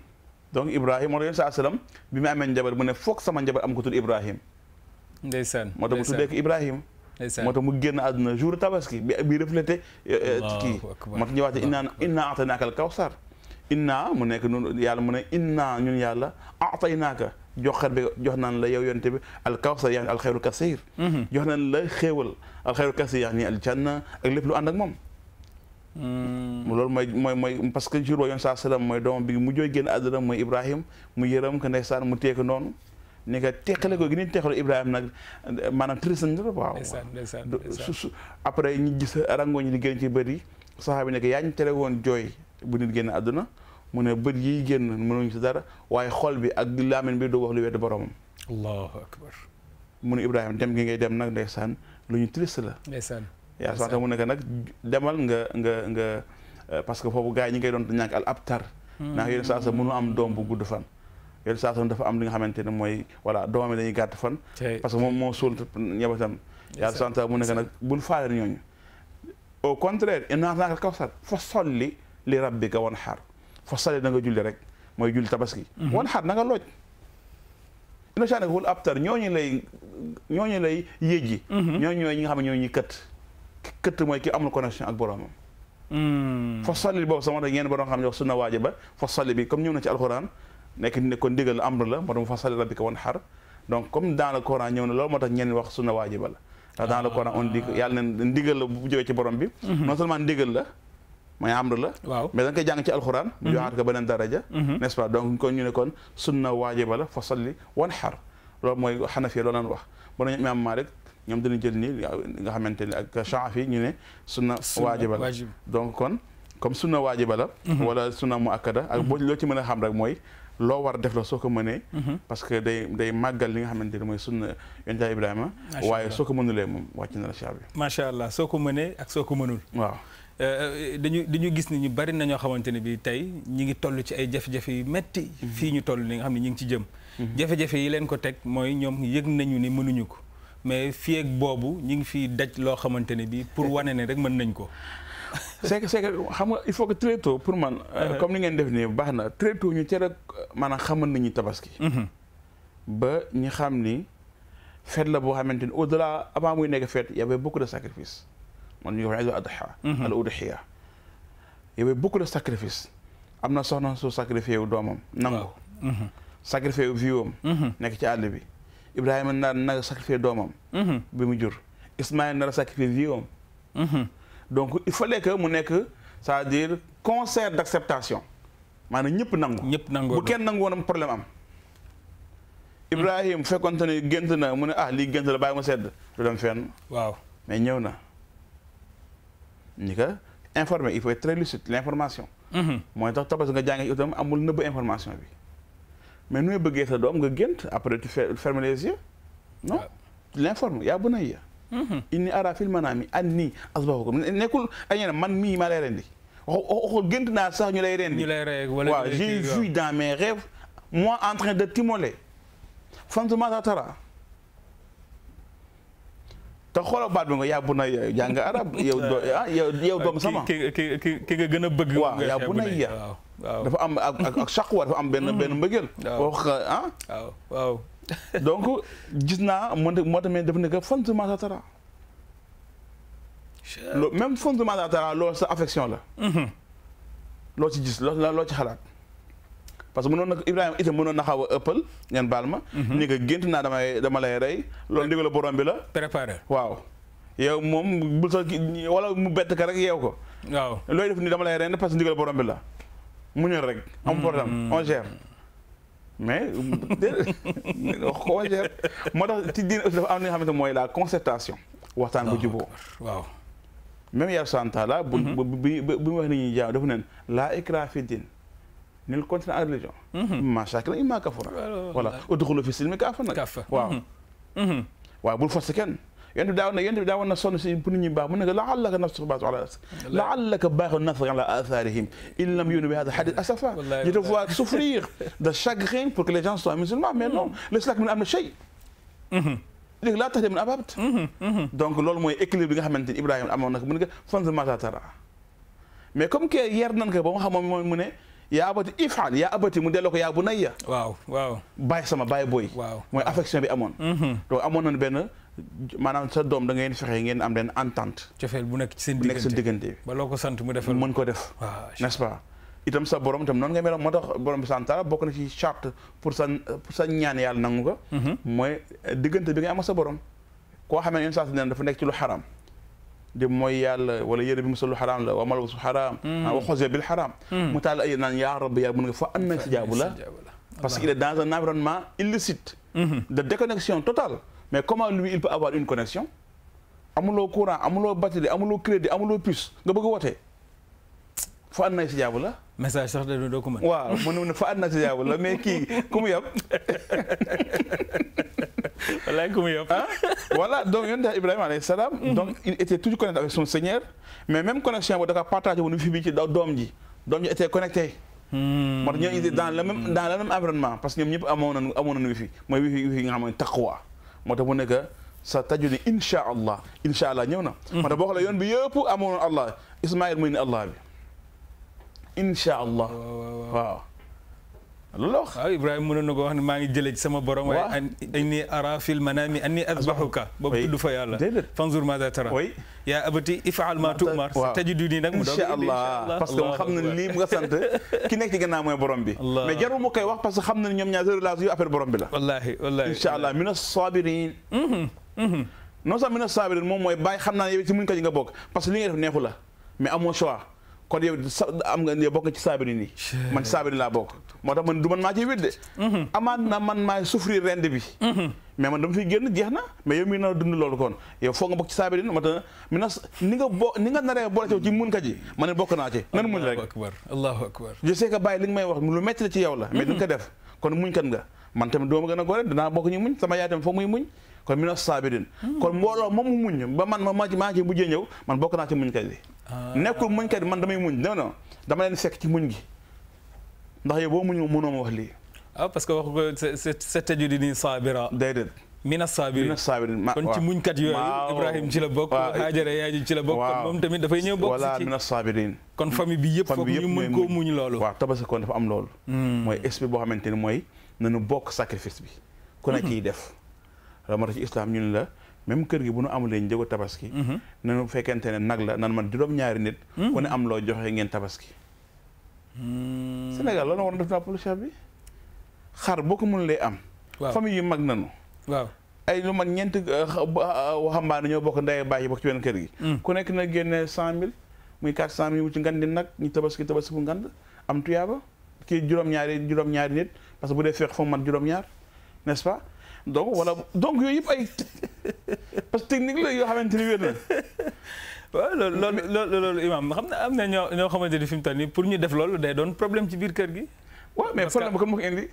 donc Ibrahim moo tax yéen saa salaam bi mu amee njabar sama njabar am ko tudd Ibrahim. ndeysaan moo tax mu tuddee ko Ibrahim. moo tax mu tabaski bi bi reflété. Eh, eh, kii moo tax ñu inna inna ataynaaka al inna mu nekk noonu yàlla mu ne inna ñun yàlla ataynaaka jox xar bi jox naan la yow yonte bi al kawsar yaani al xeyrul kasiir. Mm-hmm. jox naan la xéewal ak lépp lu ànd ak moom. Hmm. loolu mooy mooy mooy parce que jour ba yoon saa salaam mooy doomam bi mu jooy génn àdduna mooy Ibrahim mu yërëm ko ndeysaan mu teeku noonu ni nga teqale ko gi ni teqale Ibrahima nag maanaam triste na la waaw su après ñu gis rango ñi di ci bët yi saxaabi nekk yaa ñu tere woon jooy bu nit génn àdduna mu ne bët yiy génn mënuñu si dara waaye xool bi ak laamin bi du wax lu wedd boromam
allahu akbar
Ibrahima dem gi ngay dem nag ndeysaan lu ñu triste la yaa sax mu nekk nag demal nga nga nga euh, parce que foofu gars yi ñi ngay doon ñàkk al abtar hmm. ndax yéen saa sa mënu am doom bu gudd fan yéen saa am li nga xamante ne mooy voilà doomam yi dañuy gàtt fan parce que moom moo suul ñebatam yàlla sant mu nekk nag bul faale ñooñu au contraire inaanaaka kaw sat fa solli li rabbika wan xaar fa solli da nga julli rek mooy julli tabaski hmm. wan xaar na nga looj ina saa nekk wul abtar ñooñu lay ñooñu lay yéej yi hmm. ñooñu ñooy ñi nga xam ne ñooñu kët këtt mooy ki amul connexion ak boromam. Hmm. fa salli boobu sama tax ñeen borom xam ne wax sunna waajiba fa salli bi comme ñëw na ci alxuraan nekk ne ko ndigal amr la moo tax fa salli rabbika wan xar donc comme dans le Coran ñëw na loolu moo tax ñeen wax sunna waajiba la ndax dans le Coran on dit ah. yàlla ne ndigal la bu jógee ci borom bi mhm. mooy amr la mhm. mhm. loolu mooy xanafiya loolu lañ wax ba nañu ñoom dana jël ni nga xamante ne ak Shaafi ñu ne sunna waajiba la donc kon comme sunna waajiba la mhm. wala sunna mu akkada ak mhm. boo loo ci mën a xam rek mooy loo war def la soo ko mënee mhm. parce que day day màggal li nga xamante ne mooy sunna yonent Ibrahima waaye soo ko mënulee moom wàcc na la Shaafi
macha allah soo ko mënee ak soo ko mënul waaw euh, euh, dañu dañu gis ni ñu bari na ñoo xamante ne bi tey ñu ngi toll ci ay jafe-jafe yu metti fii ñu toll ni nga xam ne ñu ngi ci jëm jafe yi leen ko teg mooy ñoom yëg nañu ni mënuñu ko mais fii boobu ñu ngi fi daj loo xamante ne bii pour wane ne rek mën nañ ko.
c'est que xam nga il faut que très tôt pour man. Euh, comme ni ngeen def nii baax na très tôt ñu tere maanaam xamal nañu tabaski. Mhm. ba ñi xam ni fête la boo xamante ni au delà avant muy nekk fête y de sacrifices man ñu wax al adha mhm. al udhiya y avait beaucoup de am na soxna su sacrifié wu doomam nangu. Mhm. sacrifié wu nekk ci àll bi. Ibrahima nar na sacrifier doomam. Mhm. bi mu jur Ismaël nar a sacrifier vie am. Mhm. donc il fallait que mu nekk sa à dire concert d'acceptation maanaam ñëpp nangu. ñëpp nangu bu kenn nangu woon problème am. Ibrahima fekkonte ne gént na mu ne a ah, lii gént la bàyyi ma sedd du dem fenn. waaw mais na. ñi ko informé il faut être très l'information. Mhm. mooy tax tapas nga jàngee itam amul nëbb information bi. mais nu muy bëggee sa doom nga gént après tu fermes les yeux non ah. tu l'informes yaa bunayya mhm. inni araa fil manaami annii asbahukum nekkul añee man mii maa lay rendi waxul gént naa sax ñu lay rendi waaw j'ai vu dans mes moi en train de timoler fanzur maazaa taraa te xoolal baat bi nga yaa bu na jàng arab yow ah, yow yow doom sama
ki nga gën a bëgg waaw yaa bu na ya
dafa am ak ak chaqwa dafa am benn mm. benn mbëggeel wax ah waaw donc gis naa moo moo tamit dafa nekk fondement sa tara même fondement sa tara loolu sa affection la mm-hmm. loo ci gis loo loo ci xalaat parce que mënoon na Ibrahima na xaw a ëppal ngeen baal ma. Mhm. ni ko gént naa damay dama lay rey. loolu ndigalu borom bi la. préparé waaw. yow moom bul sa wala mu bett ka rek yeew ko. waaw looy def ni dama lay rey parce que ndigalu borom bi la. mu ñor rek. am problème mhm. mais moo tax ci aussi dafa am li nga xamante mooy la concertation. waxtaan bu juboo waaw. même yàlla sant la. Mhm. bu bu bu bu wax ni ñuy jaaw dafa neen laa ikraha fi nul continue en religion ma shaakiran imma kafuura voilà udxulu fi silmi kaafa nag waaw mhm. Mhm. waaw bul forcé kenn yéen bi daaw na yéen bi daawoon na si pour nit ñi baax mu ne laallaka nafsuka baatu ala nafsik laallaka baaxu nafsaka ala atharihim in lam yunu bi hada hadith asafa je te vois souffrir de chagrin pour que les gens mais non mhm. l'islam min am na shay laa tax de ababt donc loolu mooy équilibre bi nga xamante ni Ibrahima amoon na ko mu ne ko fanzur maa tara mais comme yaa abati ifal yaa abati mu delloo ko yaa bu nayya waaw waaw bàyyi sama baay booy waaw mooy affection bi amoon mhm. donc amoon nañu benn maanaam sa doom da ngeen fexe ngeen am leen entente cofeel bu nekk ci seen diggante bu nekk seen diggante bi ba loo ko sant mu defal ko def itam sa borom itam noonu nga meloon moo tax borom bi santara bokk na ci charte pour sa pour sa ñaan yàlla nangu mhm. mooy diggante bi nga am sa borom koo xamee ne une saa si dafa nekk ci lu xaram di mooy yàlla wala yére bi mu solu xaraam la wa malwasu xaraam hmm. ah, wa xose bil xaraam hmm. mu taal ay naan yaa rabbi yaa mën nga fa an na si jaabu la parce qu'il est dans un environnement illicite hmm. de déconnexion totale mais comment lui il peut avoir une connexion amuloo courant amuloo batterie amuloo crédit amuloo puce nga bëgg a wootee fa an na si jaabu la
message sax da doo ko mën.
waaw mu ne fa ànd na la mais kii ku mu yab. wallaay ku mu yab. ah voilà donc yonent Ibrahima alayhi salaam. Mhm. donc il était toujours connecté avec son Seigneur. mais même connexion boobu da ko partagé wu ñu fi bi ci doom ji doom ji était connecté.
Hmm. moo tax ñoo dans le
même parce que ñoom ñëpp amoon nañu amoon nañu wifi mooy nga xam ne tax mu nekk sa taju ni incha allah incha ñëw na. Hmm. moo yoon bi yëpp amoon na allah Ismaïl muy ni allah bi. incha allah waaw. loolu la wax waaw
ah, Ibrahima mënoon na ko wax ne maa ngi jëlee ci sama borom. waaw waaye anni ara fil manami anni azbahuka. oui boobu tudd fa yàlla. déedéet fanzur maza tara. oui yaa abati ifaal ma tu'mar. waaw tajiduni nag mu doon incha allah parce que mu xam na lii mu nga sant
ki nekk ci gannaaw mooy borom bi. mais jarul mu koy wax parce que xam na ñoom ñaar relation yu affaire borom bi la. wallaahi wallaahi incha allah mina sabirin. Mm-hmm. Mm-hmm. non sax mina sabirin moom mooy bàyyi xam naa ne yow ci muñ ko ji nga bokk parce que li nga def neexu la mais amoo choix. kon yow am nga yow bokk nga ci saabiri nii man saabiri laa bokk moo tax man du man maa ciy wédde mm-hmm. amaat na man maay souffrir rend mm-hmm. man a bokk naa ci nan kon muñ kan a moom mu muñ ba man maa ci mujjee ñëw man bokk naa ci muñ kat bi nekkul muñ kat man damay muñ non non dama leen fekk ci muñ gi ndax yow boo muñoo mënoo ma wax lii.
ah parce que wax nga sa sa tajudi ni saabira. déedéet. mina saabiri mina saabiri ma kon ci muñkat yooyu. Ibrahim ci la bokk. waaw dafay ñëw bokk ci mina
saabiriin kon famille bi yëpp foog ñu mën koo muñ loolu. waaw tabaski kon dafa am loolu. Hmm. mooy esprit boo xamante ni mooy nañu bokk sacrifice bi. ku ne ciy hmm. def. moo tax ci islam ñun la. même kër gi bu nu amulee njëgu tabaski mhm. nanu fekkente ne nag la nan man juróom-ñaari nit mhm. ku ne am loo joxe ngeen tabaski hmm. Sénégal loolu waroon def naa polu chef bi xar boo ko mënulee am famille yu mag nanu waaw ay lu man ñeenti euh, euh, waxambaane ñoo bokk ndey bàyyi bokk ci benn kër gi hmm. ku nekk na génne cent mille muy quatre cent mille wu ci ngandi nag ñu tabaski tabaski bu ngand am tuyaaba kii juróom-ñaari juróom-ñaari nit parce que bu dee feex foo man juróom-ñaar donc wala donc yooyu yëpp ay parce que technique la yoo xamante ni wér na. waaw loolu loolu loolu xam ne am
na ñoo ñoo xamante ni fi mu nii pour ñu def loolu day doon problème ci biir kër gi. waaw mais problème ba kan moo ko indi.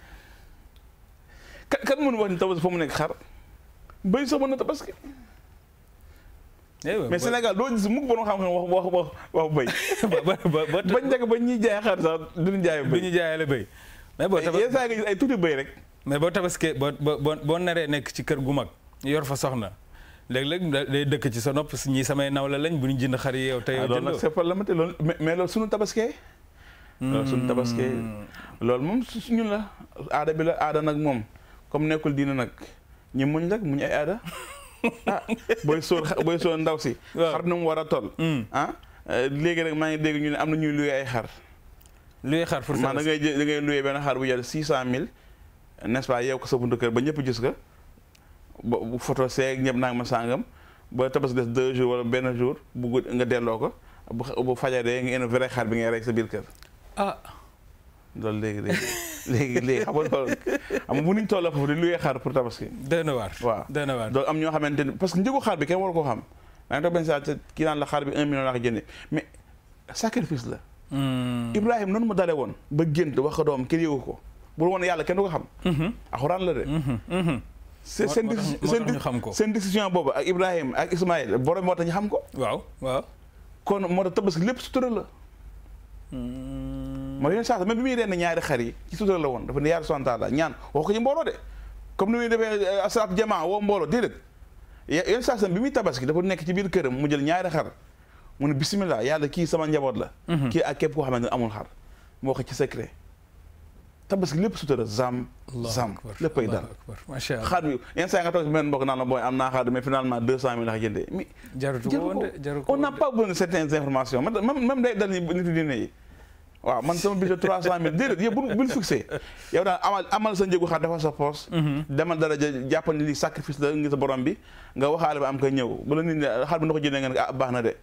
kan mu nekk xar bëy sax na tabaski. Eh mais Sénégal doo gis mukk borom xam-xam wax wax wax ba ba ba ñuy jaaya xar sax duñu jaay bëy. duñu jaayale bëy. mais boo tabaski yenn saa nga
ay tuuti bay rek. mais boo tabaskee boo boo boo naree nekk ci kër gu mag yor fa soxna léeg-léeg day dëkk ci sa nopp ñi samay nawla lañ bu ñu jënd xar yi yow. te yow ah, jëndoo c'est
pas la ma te loolu mais loolu sunu tabaskee. loolu hmm. sunu tabaskee loolu moom suñu la aada bi la aada nag moom comme nekkul diina nag ñi muñ rek muñ ay aada ah booy sóor booy sóor ndaw si. xar nu mu war a toll. Hmm. ah léegi rek maa ngi dégg ñu ne am na ñuy luye ay xar. luye xar pour ça maanaam da ngay da ngay luye benn xar bu jar six cent mille. n'est-ce pas yow ko sa buntu kër ba ñëpp gis nga bu foto seeg ñëpp naa ma sàngam ba tabas des deux jours wala benn jour bu gudd nga delloo ko bu bu fajaree nga indi vrai xar bi ngay rek sa biir kër. ah. léegi léegi léegi léegi xam nga loolu xam nga bu niñ toll foofu di luyee xar pour tabaski. doy na waar waaw doy na waar am ñoo xamante ni parce que njëgu xar bi kenn waru koo xam da nga toog benn saa kii naan la xar bi un million laa ko jëndee mais sacrifice la. Hmm. Ibrahima noonu ma dalee woon ba gént wax ko doom kii yëgu ko. bu won yàlla kenn ko xam. Mhm. alxuraan la de. Mhm. Mhm. seen seen décision boobu ak Ibrahim ak Ismaël borom moo tax ñu xam ko. waaw waaw. kon moo tax tabaski lépp sutura la. Hmm. mooy yeneen saa même bi ñaari xar yi ci sutura la woon dafa ne yaari soixante la ñaan wax ko mbooloo de comme ni muy defee euh, asalaatu jamaa woo mbooloo déedéet. yeneen saa bi muy tabaski dafa nekk ci biir këram mu jël ñaari xar mu ne bisimilah kii sama njaboot la. kii ak képp koo xamante ne ci secret. tabaski lépp a zam zam léppay dal xaar bi yenn saa yi nga toog benn mbokk naan la booy am naa xaar mais finalement deux cent mille la jëndee mais jaru ko on n'a pas besoin de certaines informations même day dal ni nitu diine yi waaw man sama budget trois cent mille déedéet yow bul bul fixé yow daal amal amal sa njëgu xaar dafa sa poos mhm. demal dara jàppal ni li sacrifice la ngi sa borom bi nga waxaale ba am koy ñëw bu la nit ñi xaar bi na ko nga ne ah baax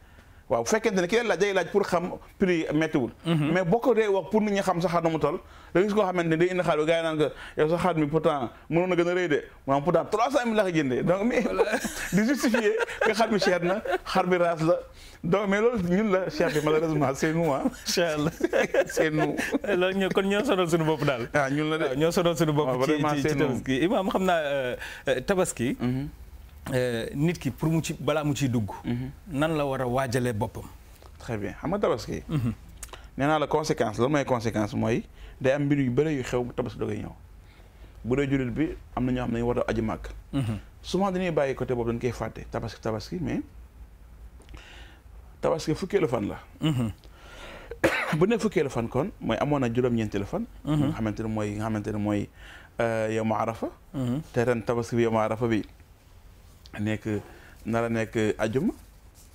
waaw bu fekkente ne ki la day laaj pour xam prix méttiwul mhm. mais boo ko dee wax pour nit ñi xam sa xar na mu toll da gis koo xamante ne day indi xar bi gars yi naan que yow sa xar mi pourtant a rëy de maanaam pourtant trois cent xar mi cher na xar bi raas la donc mais loolu ñun la cher bi malheureusement c'est nous ah cher la c'est
loolu kon ñoo sonal suñu bopp daal ah ñun la de ñoo sonal suñu bopp ah, ci ci tabaski xam naa euh, euh, tabaski mhm. Euh, nit
ki pour mu ci balaa mu ciy dugg. Mhm. nan la war a waajalee boppam. très bien xam nga tabaski. Mhm. nee naa la conséquence la mooy conséquence mooy day am mbir yu bëri yu xew tabaski doogay ñëw bu dee jullit bi am na ñoo xam ne war a aju màgg. Mhm. souvent dañuy bàyyi côté boobu dañ koy fàtte tabaski tabaski mais tabaski fukkeelu fan la. bu ne fukkeelu fan kon mooy amoon na juróom-ñeenteelu fan. nga xamante ne mooy nga xamante ne mooy euh, yow ma rafa te ren tabaski bi yow ma arafa bi. nekk nar la nekk ajuma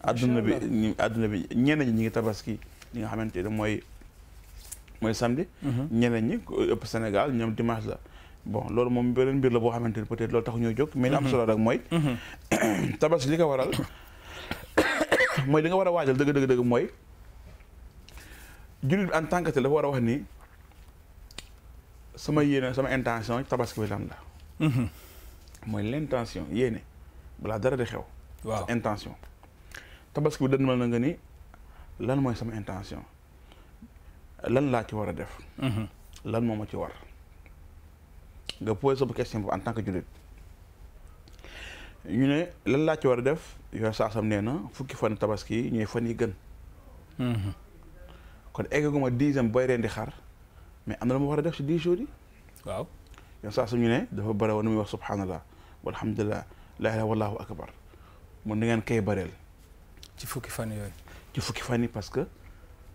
adduna bi adduna bi ñeneen ñi ñu ngi tabaski li nga xamante ne mooy mooy samedi mhm. ñeneen ñi ëpp Sénégal ñoom dimanche la bon loolu moom beneen mbir la boo xamante ne peut-être loolu tax ñoo jóg mais li am mhm. solo rek mooy mhm. tabaski li ko waral mooy li nga war a waajal dëgg dëgg dëgg mooy jullit bi en tant la tel war a wax ni sama yéene sama intention tabaski bi lan la mooy l'intention yéene balaa dara di xew. waaw intention. tabaski bu dënmal na nga ni lan mooy sama intention lan laa ci war a def. Mhm. lan moom ma ci war. nga posé sama question boobu en tant que jullit ñu ne lan laa ci war a def yooyu saasam nee na fukki fan tabaski ñuy fan yi gën. Mhm. kon eggaguma dixième booy reen di xar mais am na lu ma war a def si dix jours yi. waaw yooyu saasam ñu ne dafa bare woon muy wax subhanallah walhamdulillah laa ilaaha wallaahu akbar mun na ngeen koy bareel ci fukki fan yooyu ci fukki fan yi parce que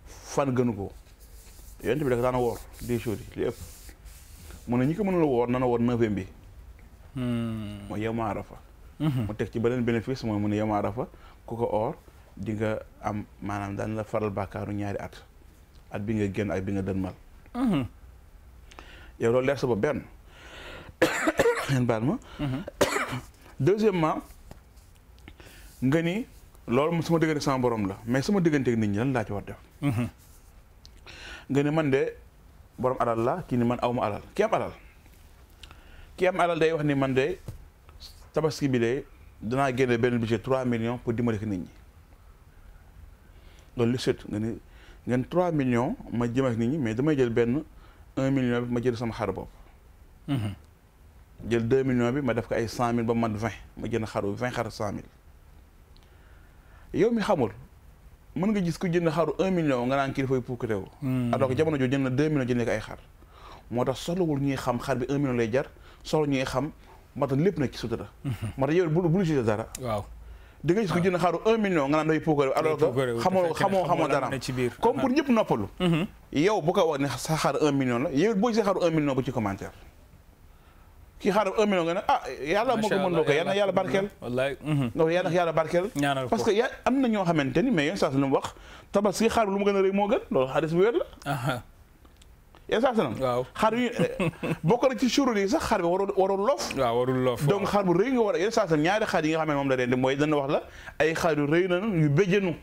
fan gënu ko yonent bi rek daana woor des jours yi li ëpp mun na ñi ko mënul woor nana woor neuvième bi hmm. mooy yawmu arafa mhm. mu teg ci beneen bénéfice mooy mën ne yawmu arafa ku ko oor di nga am maanaam daan la faral bàkkaaru ñaari at at bi nga génn ak bi nga dënmal mhm. yow loolu leer sa ba benn ngeen baal ma mhm. deuxièmement nga ni loolu su ma diggante sama borom la mais sama digganteeg nit ñi lan laa ci war def. Mhm. nga ni man de borom alal la kii ni man awma alal ki am alal ki am alal day wax ni man de tabaski bi de danaa génne benn budget trois millions pour dimbali ko nit ñi loolu li sut nga ni ngeen trois millions ma jëmal ak nit ñi mais damay jël benn un million ma jël sama xar bopp. Mhm. jël deux millions bi ma def ko ay cent mille ba mat vingt ma jënd xaru vingt xar cent nga gis hmm. millions jëndee ko ay xar xar bi un million lay jar soxla ñuy xam moo tax hmm. moo tax yow bul bul jugé dara waaw di nga gis ku jënd xaaru un million nga naan doy puukare alors que xamoo xamoo xamoo dara comme pour ñëpp noppalu hmm. bu ko wax ne sa xaar un million la yow boo gisee xaaru un million bu ci commentaire kii xaaral un million nga ne ah yàlla moo ko mën loo ko barkeel mhm. parce que yaa am na ñoo xamante ni mais yéen saa sanam wax tabaski xaar bi lu mu gën a rëy moo gën loolu xaalis bu xaar eh, bokk na ci surul yi sax xaar bi warul warul loof waaw loof donc xaar bu rëy nga war a yéen saa ñaari xaar yi nga xam ne moom la leen di mooy dana wax la ay xaar yu rëy nanu yu béjjanu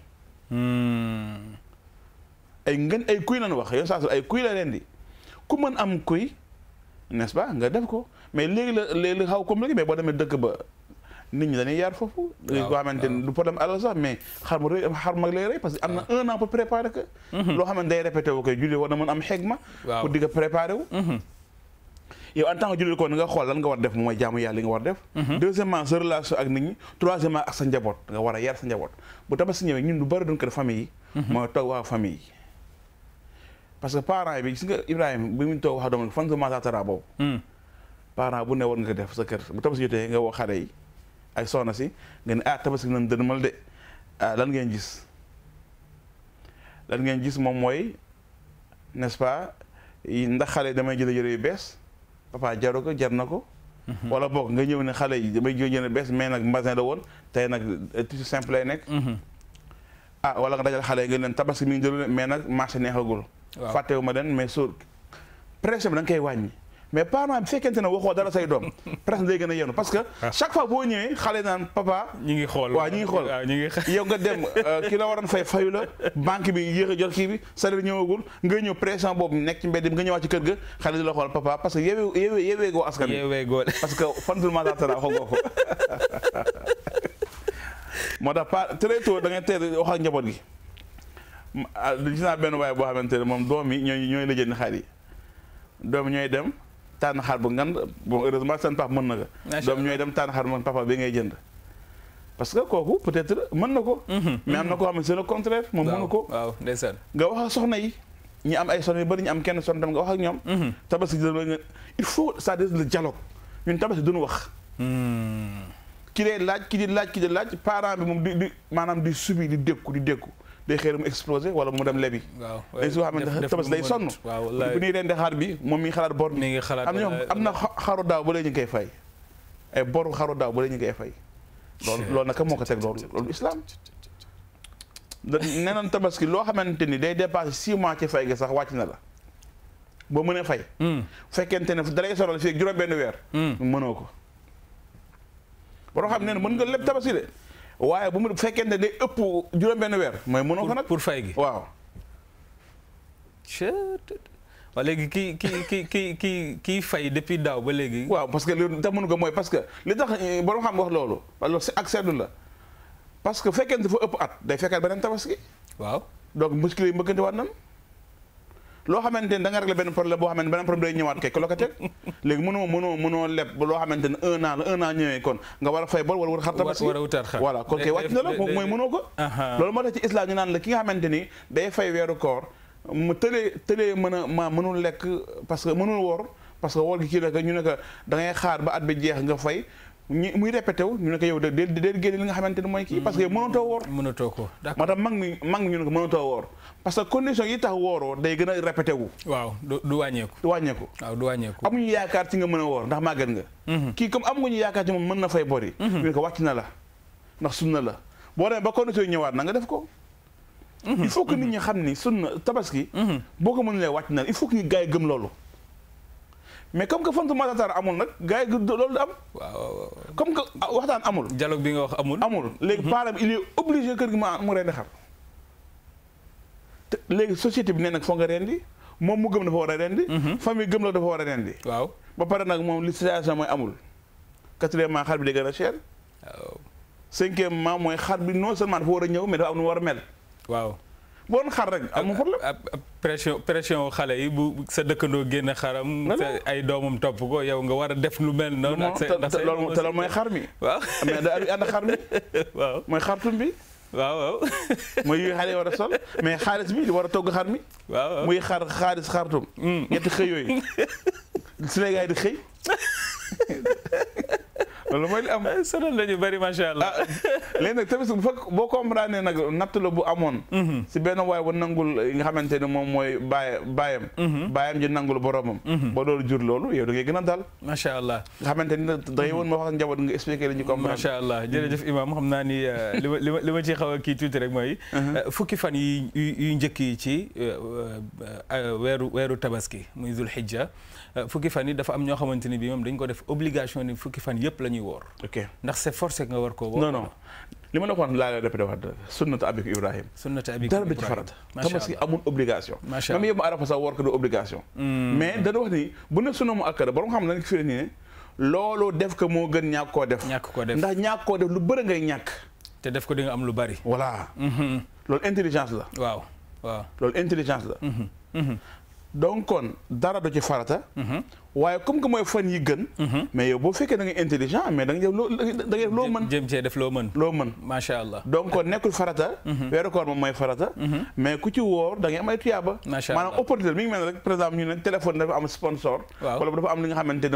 hmm. ay ngeen ay kuy lañu wax yéen saa ay kuy la leen ku mën am kuy n'est-ce nga def ko mais léegi la léegi la xaw comme léegi mais boo demee dëkk ba nit ñi dañuy yar foofu. waaw waaw ko xamante ni du problème alal sax mais xar mu lay rëy parce na un an pour préparer que. Mhm. loo xam ne day koy julli war na mën am xegma. waaw pour di ko mhm. yow en tant que nga xool nga war def mooy jaamu yàlla li nga war def. Mhm. deuxièmement sa relation ak nit ñi troisièmement ak sa njaboot nga war a yar sa njaboot bu tabaski ñëwee ñun du bëri duñ ko def famille yi. mooy toog waa famille yi. parce que parents yi bi gis nga Ibrahima bi parent bu ne war nga def sa kër bu tabaski jotee nga woo xale yi ak soxna si nga ne ah tabaski nañ dënmal de ah lan ngeen gis lan ngeen gis moom mooy n'est-ce pas ndax xale yi damay jënd yëre yu bees papa jaru ko jar na ko. Mhm. wala boog nga ñëw xale yi damay jënd bees mais nag mbasin la woon tey nag euh, tissu simple lay mhm. ah wala nga dajal xale yi nga leen tabaski mi ngi jëloon mais nag marché neexagul. waaw fàttewu ma den mais suur pression bi da nga koy wàññi. mais parent bi fekkente ne waxoo dara say doom presque day gën a yenu parce que ah. chaque fois boo ñëwee xale naan papa ñi ngi xool waaw ñi ngi xool ah, yow nga dem euh, ki la waroon fay fayu la banque bi yéex a jot kii bi salaire ñëwagul nga ñëw pression boobu nekk ci mbedd bi nga ñëwaat ci kër ga xale di la xool papa parce que yewe yewe yeweegoo askan parce que fansulment daatara xoogoo ko moo tax pas très tôt da ngay teel wax ak njaboot gi ah, gis naa benn waaye boo xamante ne moom doom yi ñooy ñooy la jënd xaar yi doom ñooy dem tànn xar bu ngan bon heureusement seen papa mën na ko. doom ñooy dem tànn xar bu ngan papa bi ngay jënd. parce que kooku peut-être mën na ko. Mhm. mais am na koo am ne c'est le contraire. moom mënu ko waaw ndeysaan nga wax ak soxna yi. ñu am ay soxna yu bëri ñu am kenn soxna tam nga wax ak ñoom. Mhm. tabaski dina nga il faut c'est-à-dire le dialogue ñun wax. Hmm. ki lay laaj ki di laaj ki di laaj parent bi moom di di maanaam di subi di dékku di dékku. day xëy mu explosé wala mu dem lebi.
waaw day soo xamante ne tabas day sonn. waaw bu ñuy rendi xar bi moom mi
na am na xaru daaw ba léegi ñu koy fay. ay boru xaru daaw ba loo xamante ni day dépassé six mois ci fay gi sax wàcc na la. ba mën a fay. Hmm. fekkente ne da lay sonal fii ak juróom-benn weer. Hmm. mënoo ko. boo xam ne mën nga lépp tabaski de. waaye bu mu fekkee ne day ëpp juróom-benn weer mooy mënoo ko nag pour fay gi waaw waaw léegi kii kii kii kii kii kii fay depuis daaw ba léegi waaw parce que li tax mënu ko mooy parce que li tax eh, borom xam wax loolu alors ak seetlu la parce que fekkente dafa ëpp at day fekkaat beneen tabaski waaw donc muskil yi mbëkkante loo xamante ne da nga réglé benn problème boo xamante ne beneen problème day ñëwaat kay ko locataire léegi mënoo mënoo mënoo leb loo xamante ne un an la un an ñëwee a fay bor wala war a xar xamante ni day mën a ma mënul lekk parce que mënul woor parce que woor ñu ne que da ngay xaar ba at bi jeex nga fay ñu muy répété wu ñu ne ko yow de de de génne li nga xamante ne mooy kii parce que mm-hmm. mënatoo woor. mënatoo ko moo tax mag mi mag mi ñu ne ko mënatoo woor parce que condition yi tax wooroo day gën a répété waaw du wàññeeku. du wàññeeku am du wàññeeku. yaakaar ci nga mën a woor ndax màggat nga. Mm-hmm. kii comme am nga ñu yaakaar ci moom mën na fay bori. Mm-hmm. ñu ne wàcc na la ndax sunna la boo demee ba condition yi ñëwaat na nga def ko. il faut que nit ñi xam ni sunna tabaski. boo ko mënulee wàcc na il faut que ñu gars yi gëm mais comme que fontu Matar amul nag gars yi loolu du am. waaw comme que ah, waxtaan amul. dialogue bi nga wax amul. amul léegi mhm. parent bi il est obligé kër gi ma mu rendi xar. te léegi société bi neen nag foo nga rendi moom mu gëm dafa war a rendi. Mhm. famille gëm la dafa war a rendi. waaw ba pare nag moom li situation mooy amul. quatrièmement xar bi day gën a cher. waaw cinquièmement mooy xar bi non seulement dafa war a ñëw mais dafa am nu war a mel. waaw. bon xar rek amu problème
pression pression xale yi bu sa dëkkandoo génne xaram sa ay doomam topp ko
yow nga war a def lu mel noonu ak te loolu mooy xar mi waaw mais da ànd xar mi mooy xartum bi waaw waaw mooy yooyu xale mais xaalis bi war a togg xar mi muy xar xaalis xartum mm. ñetti xëy yooyu su ne di xëy loolu mooy li am eh, sonal nañu bari macha allah. Ah, léegi nag tamit bu fekk boo comprendre nag natt la bu amoon. Mhm. si benn waay bu nangul nga xamante ne moom mooy baay baayam. Mhm. baayam ji nangul boromam. Mhm. ba loolu jur loolu yow da ngay gën a dal. macha allah nga xamante ni dangay woon ma wax njaboot nga expliqué li ñu comprendre. macha allah jërëjëf
Imaam xam naa ni euh, li ma li ma li ma ciy xaw a kii tuuti rek mooy. Uh-huh. Euh, fukki fan yi yu njëkk yi ci euh, weeru weeru tabaski mu muy Zulhijja. Euh, fukki fan yi dafa am ñoo xamante ni bi moom dañ ko def obligation ni fukki fan yëpp la ñuy woor ndax c'est forcé nga war koo woor non non
li ma la waxoon laa la répété sunnata abik ibrahim sunnata abik ibrahim dara da ci farata tabaski amul obligation même yëpp arafa sax woor ko hmm. mais dana wax ni bu ne sunna mu akkada borom xam ne dañ ko nii ne loolu def ko moo gën ñàkk koo def ñàkk koo def lu bëri ngay ñàkk te def ko di nga am lu bari voilà hmm. loolu intelligence la waaw donc kon dara du farata. Mm-hmm. waaye comme que mooy fan yi gën. Mhm. mais yow boo fekkee da intelligent mais da nga loo da nga allah. donc nekkul farata. Mhm. weeru koor moom mooy farata. Mhm. mais ku ci woor da ngay am ay tuyaaba. macha allah maanaam opportunité mi ngi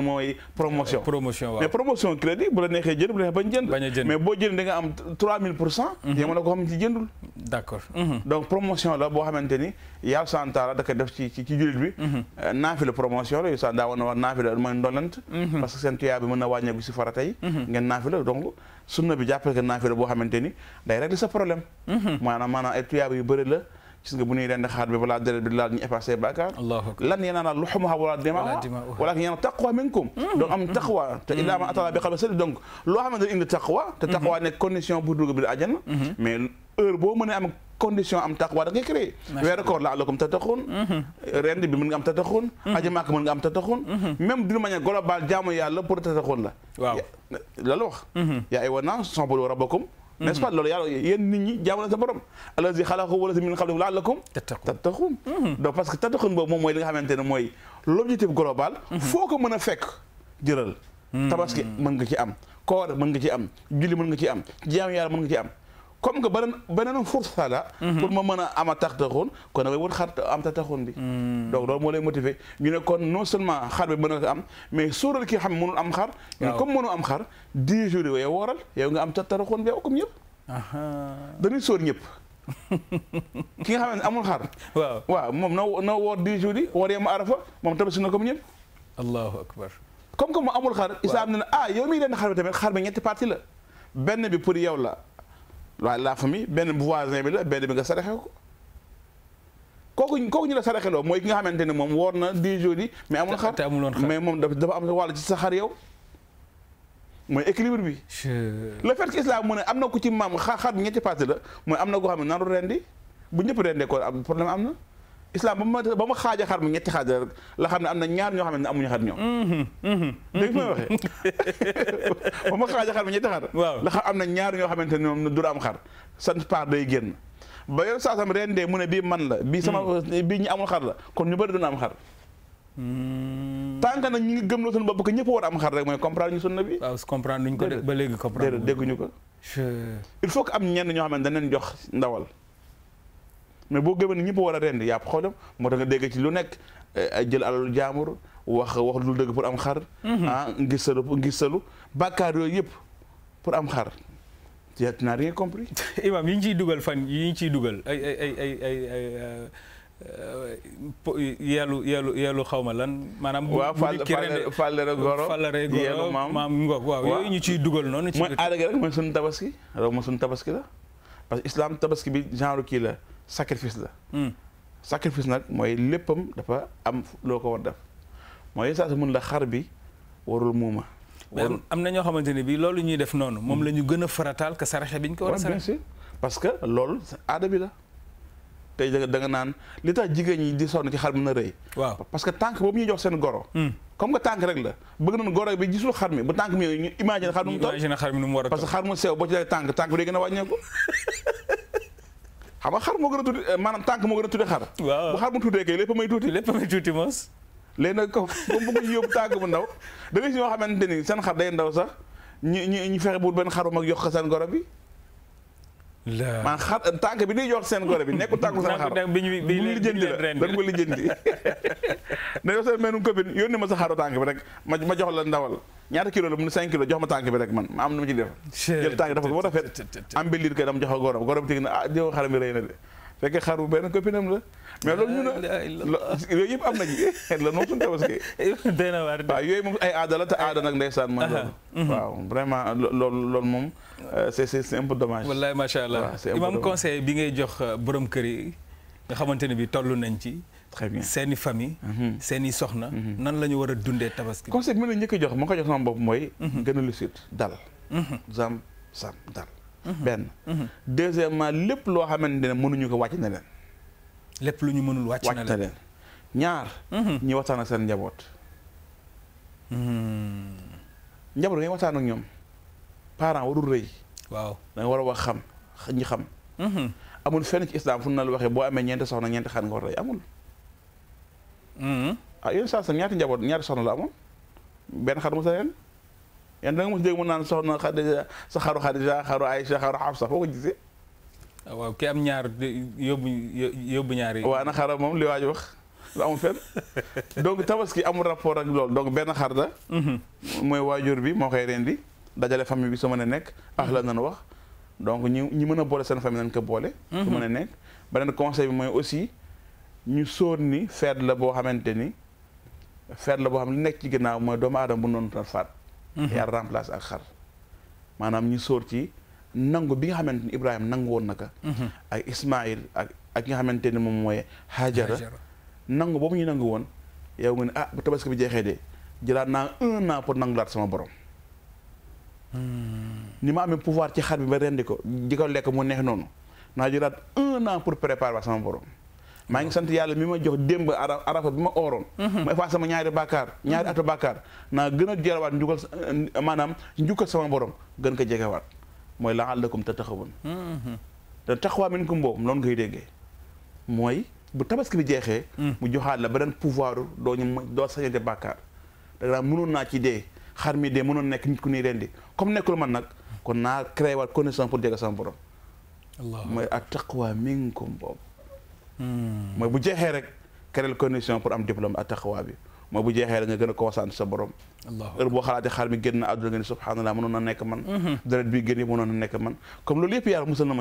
mel rek promotion. Eh, promotion promotion crédit bu neexee jënd bu neexee bañ jënd. bañ boo jënd da nga am 3000 pour cent. yéen a la ko xam ci jëndul. d' accord. donc promotion la def ci ci bi. Euh, naa la promotion la yu wa naafila mooy ndolent mhm. parce que seen tuyaa bi mën na wàññeeku si fara tey mhm. ngeen naafila donc sunna bi jàppale que naafila boo xamante ni day régler sa problème mhm. maanaam maanaam ay tuyaa bi yu bëri la gis bu ñuy dend xaar bi balaa deret bi laal ñu effacé bàkkaar lan yanaala luhumuha wala dimaaha walakin yanaalu taqwa minkum donc am taqwa te illaa man ataa bi qalbin donc loo xamante ni indi taqwa te taqwa nekk condition pour dugg bi àjjana mais heure condition am taqwa da ngay créé weeru koor la alakum tataxun mhm. rend bi mën nga am tataxun mhm. aji mën nga am tataxun mhm. même d'une manière globale jaamu yàlla pour tataxun la waaw loolu wax yaa ayyuhan naas a rabbakum n'est-ce pas loolu yàlla yéen nit jaamu na sa borom allazi xalaqakum walazi min qablikum la'allakum tattaqun donc parce que mooy li nga xamante global foo ko mën a fekk jëral tabaski mën nga ci am koor mën nga ci am julli mën nga ci am jaamu yàlla mën nga ci am comme nga beneen beneen fursa la mhm. pour ma mën a ama tax taxoon kon damay wut xar am tax taxoon bi mhm. donc loolu moo lay motiver ñu ne kon non seulement xar bi mën a mais sóoral ki xam mënul am xar comme mënu am xar dix jours nga am tax taxoon bi yow comme ñëpp dañuy sóor ñëpp ki nga xam ne amul xar waaw waaw moom na na woor dix jours yi woor yem arafa moom na comme ñëpp allahu akbar comme mu amul xar islam ne ne a ah, yow mii leen xar bi tamit xar bi ñetti parti la benn bi pour yow la waaw la famille benn voisin bi la benn bi nga saraxe ko kooku ko ñu la saraxeloo mooy ki nga xamante ne moom woor na dix jours yi mais amul xar mais moom dafa am wàll ci sa xar yow mooy équilibre bi le fait que islam mu ne am na ku ci maam xar xar bi ñetti parti la mooy am na koo xam ne naru rendi bu ñëpp rendee ko problème am na islam ba ma ba ma xaaja xar mi ñetti xaaja la xam ne am na ñaar ñoo xam ne amuñu xar ñoom.
Mm-hmm, mm-hmm,
dégg nga mm-hmm. xaaja xar mi ñetti xar. waaw la am na ñaar ñoo xamante ne moom du am xar sant paar day génn. ba yor saa sam ren mu ne man la bii sama mm. bii ñi amul xar la kon ñu bëri am xar. Mm. tant que nag ñu ngi gëmloo suñu bopp que ñëpp war am xar rek mooy comprendre ñu sunna bi. waaw comprendre ñu ko ba ko. il faut am ñenn ñoo xam ne dañ jox ndawal mais boo gëmee ne ñëpp war a rend yàpp xolam moo tax dégg ci lu nekk eh, jël alalu jaamur wax wax lu dëgg pour am xar mhm. ah ngir salu ngir yooyu yëpp pour am xar yaa naa rien compris imam yi ñu ciy dugal fan yi ciy dugal
ay ay ay ay euh, euh, xaw ma lan maanaam waaw fallere goro fallere goro maam ngoog waaw yooyu ñu ciy dugal noonu mooy aada gi
rek mooy suñu tabaski raw ma suñu tabaski la parce que islaam tabaski bi genre kii la sacrifice la. Hmm. sacrifice nag mooy léppam dafa am loo ko war def mooy saa su mën la xar bi warul muuma. warul
am na ñoo xamante ne bii loolu ñuy def noonu. moom la ñu gën a farataal que saraxe
bi ñu ko war a saraxe. parce que loolu aada bi la. tey da nga naan li tax jigéen ñi di sonn ci xar mën a rëy. waaw parce que tànk boobu ñuy jox seen goro. Hmm. comme que tànk rek la bëgg nañ goro bi gisul xar mi bu tànk mi ñu imagine xar mi nu mu toll. imagine xar mi nu mu war a toll xam nga xar moo gën a tuuti eh, maanaam tànk moo gën a tuuti xar. waaw bu xar mu tuutee kay lépp may tuuti. lépp may tuuti mos. léegi nag comme bu ko yóbbu tànk bu ndaw da ngay si ñoo xamante ni seen xar day ndaw sax ñu ñu ñu fexe bu benn xaru mag yokk seen goro bi man xam tànk bi ni jox seen gore bi nekku tànku bi ñu bi lijjanti la dañ ko lijjanti ne yow seen menum copine yónni ma sa xaru tànk bi rek ma ma jox la ndawal ñaata kilo la mu ne kilo jox ma tànk bi rek man ma am nu ma ci def jël tànk dafa ba rafet am bi kay dama jox ko gorom gorom tigi na ah jëw xaram bi rëy na de fekk xaru benn copine la mais loolu ñu ne yooyu na ci la noonu suñu tabaski waaw moom ay aada la te nag ndeysaan man loolu mhm. waaw moom Euh, c'est c'est un peu
macha allah imam conseil bi ngay jox euh, boroom kër yi nga xamante ne bi toll
nañ ci. très bien seeni i famille. Mhm. soxna. Mhm.
nan la ñu war a dundee tabaski.
conseil bi ma leen njëkk jox ma ko jox sama bopp mooy. Mhm. gën a lucide dal. zam sam dal. benn. deuxièmement lépp loo xamante ne mënuñu ko wàcc na leen.
lépp lu ñu mënul
wàcc na leen ñaar. ñi waxtaan ak seen njaboot. njaboot ngay waxtaan ak ñoom. parent warul rëy. waaw da nga war a wax xam xam. Mm-hmm. amul fenn ci na waxee boo amee ñeenti soxna ñeenti xar nga war a rëy amul. Mm-hmm. ah yéen saa sax ñaata la amoon benn xar mu sa da nga mos dégg mu naan soxna Xadija sa xaru Xadija xaru Aïcha xaru Xafsa ah, ñaar yóbbu yóbbu ñaar yi. waaw moom li waaj wax la amul fenn donc tabaski amul rapport ak loolu donc benn xar la. Mm-hmm. mooy waajur bi moo koy rendi dajale famille bi su mën a nekk ah la nan wax donc ñi mën a boole seen famille nañ ko boole su mhm. mën a nekk beneen bi mooy aussi ñu sóor ni feet la boo xamante ni feet la boo xam ne nekk ci ginnaaw mooy doomu aadama bu noonu tan faat mhm. yar remplace ñu sóor ci nangu bi nga xamante ni Ibrahima nangu woon na ka mhm. ak Ismaïl ak ak xamante ni moom mooy Hajara nangu boobu ñu nangu woon yow nga ne ah bu tabaski bi jeexee de jëlaat naa un an pour sama borom ni ma amee pouvoir ci xar bi ba rendi ko di lekk mu neex noonu naa jëlaat un an pour préparer sama borom maa ngi sant yàlla mi ma jox démb ara arafa bi ma ooroon mhm. ma effacé sama ñaari bàkkaar ñaari atu bàkkaar naa gën a jelawaat njukkal eh, maanaam njukkal sama borom gën ko jegewaat mooy la àllakum mhm. te taxawun te taxawaa min kum boobu noonu ngay déggee mooy bu tabaski bi jeexee mm. mu joxaat la beneen pouvoir doo doo sañate bàkkaar da nga mënoon ci dee xar mi dee mënoon nekk nit ku nii rendi comme nekkul man nag kon naa créé waat connaissance pour jege sama borom mooy ak taqwa minkum boobu hmm. mooy bu jeexee rek créé condition pour am diplôme ak taqwa bi mooy bu jeexee rek nga gën a ko sa borom boo xalaatee xar mi génn na àdduna nga ni subhanallah mënoon nekk man hmm. deret bi génn mënoon na nekk man comme loolu yëpp yàlla musal na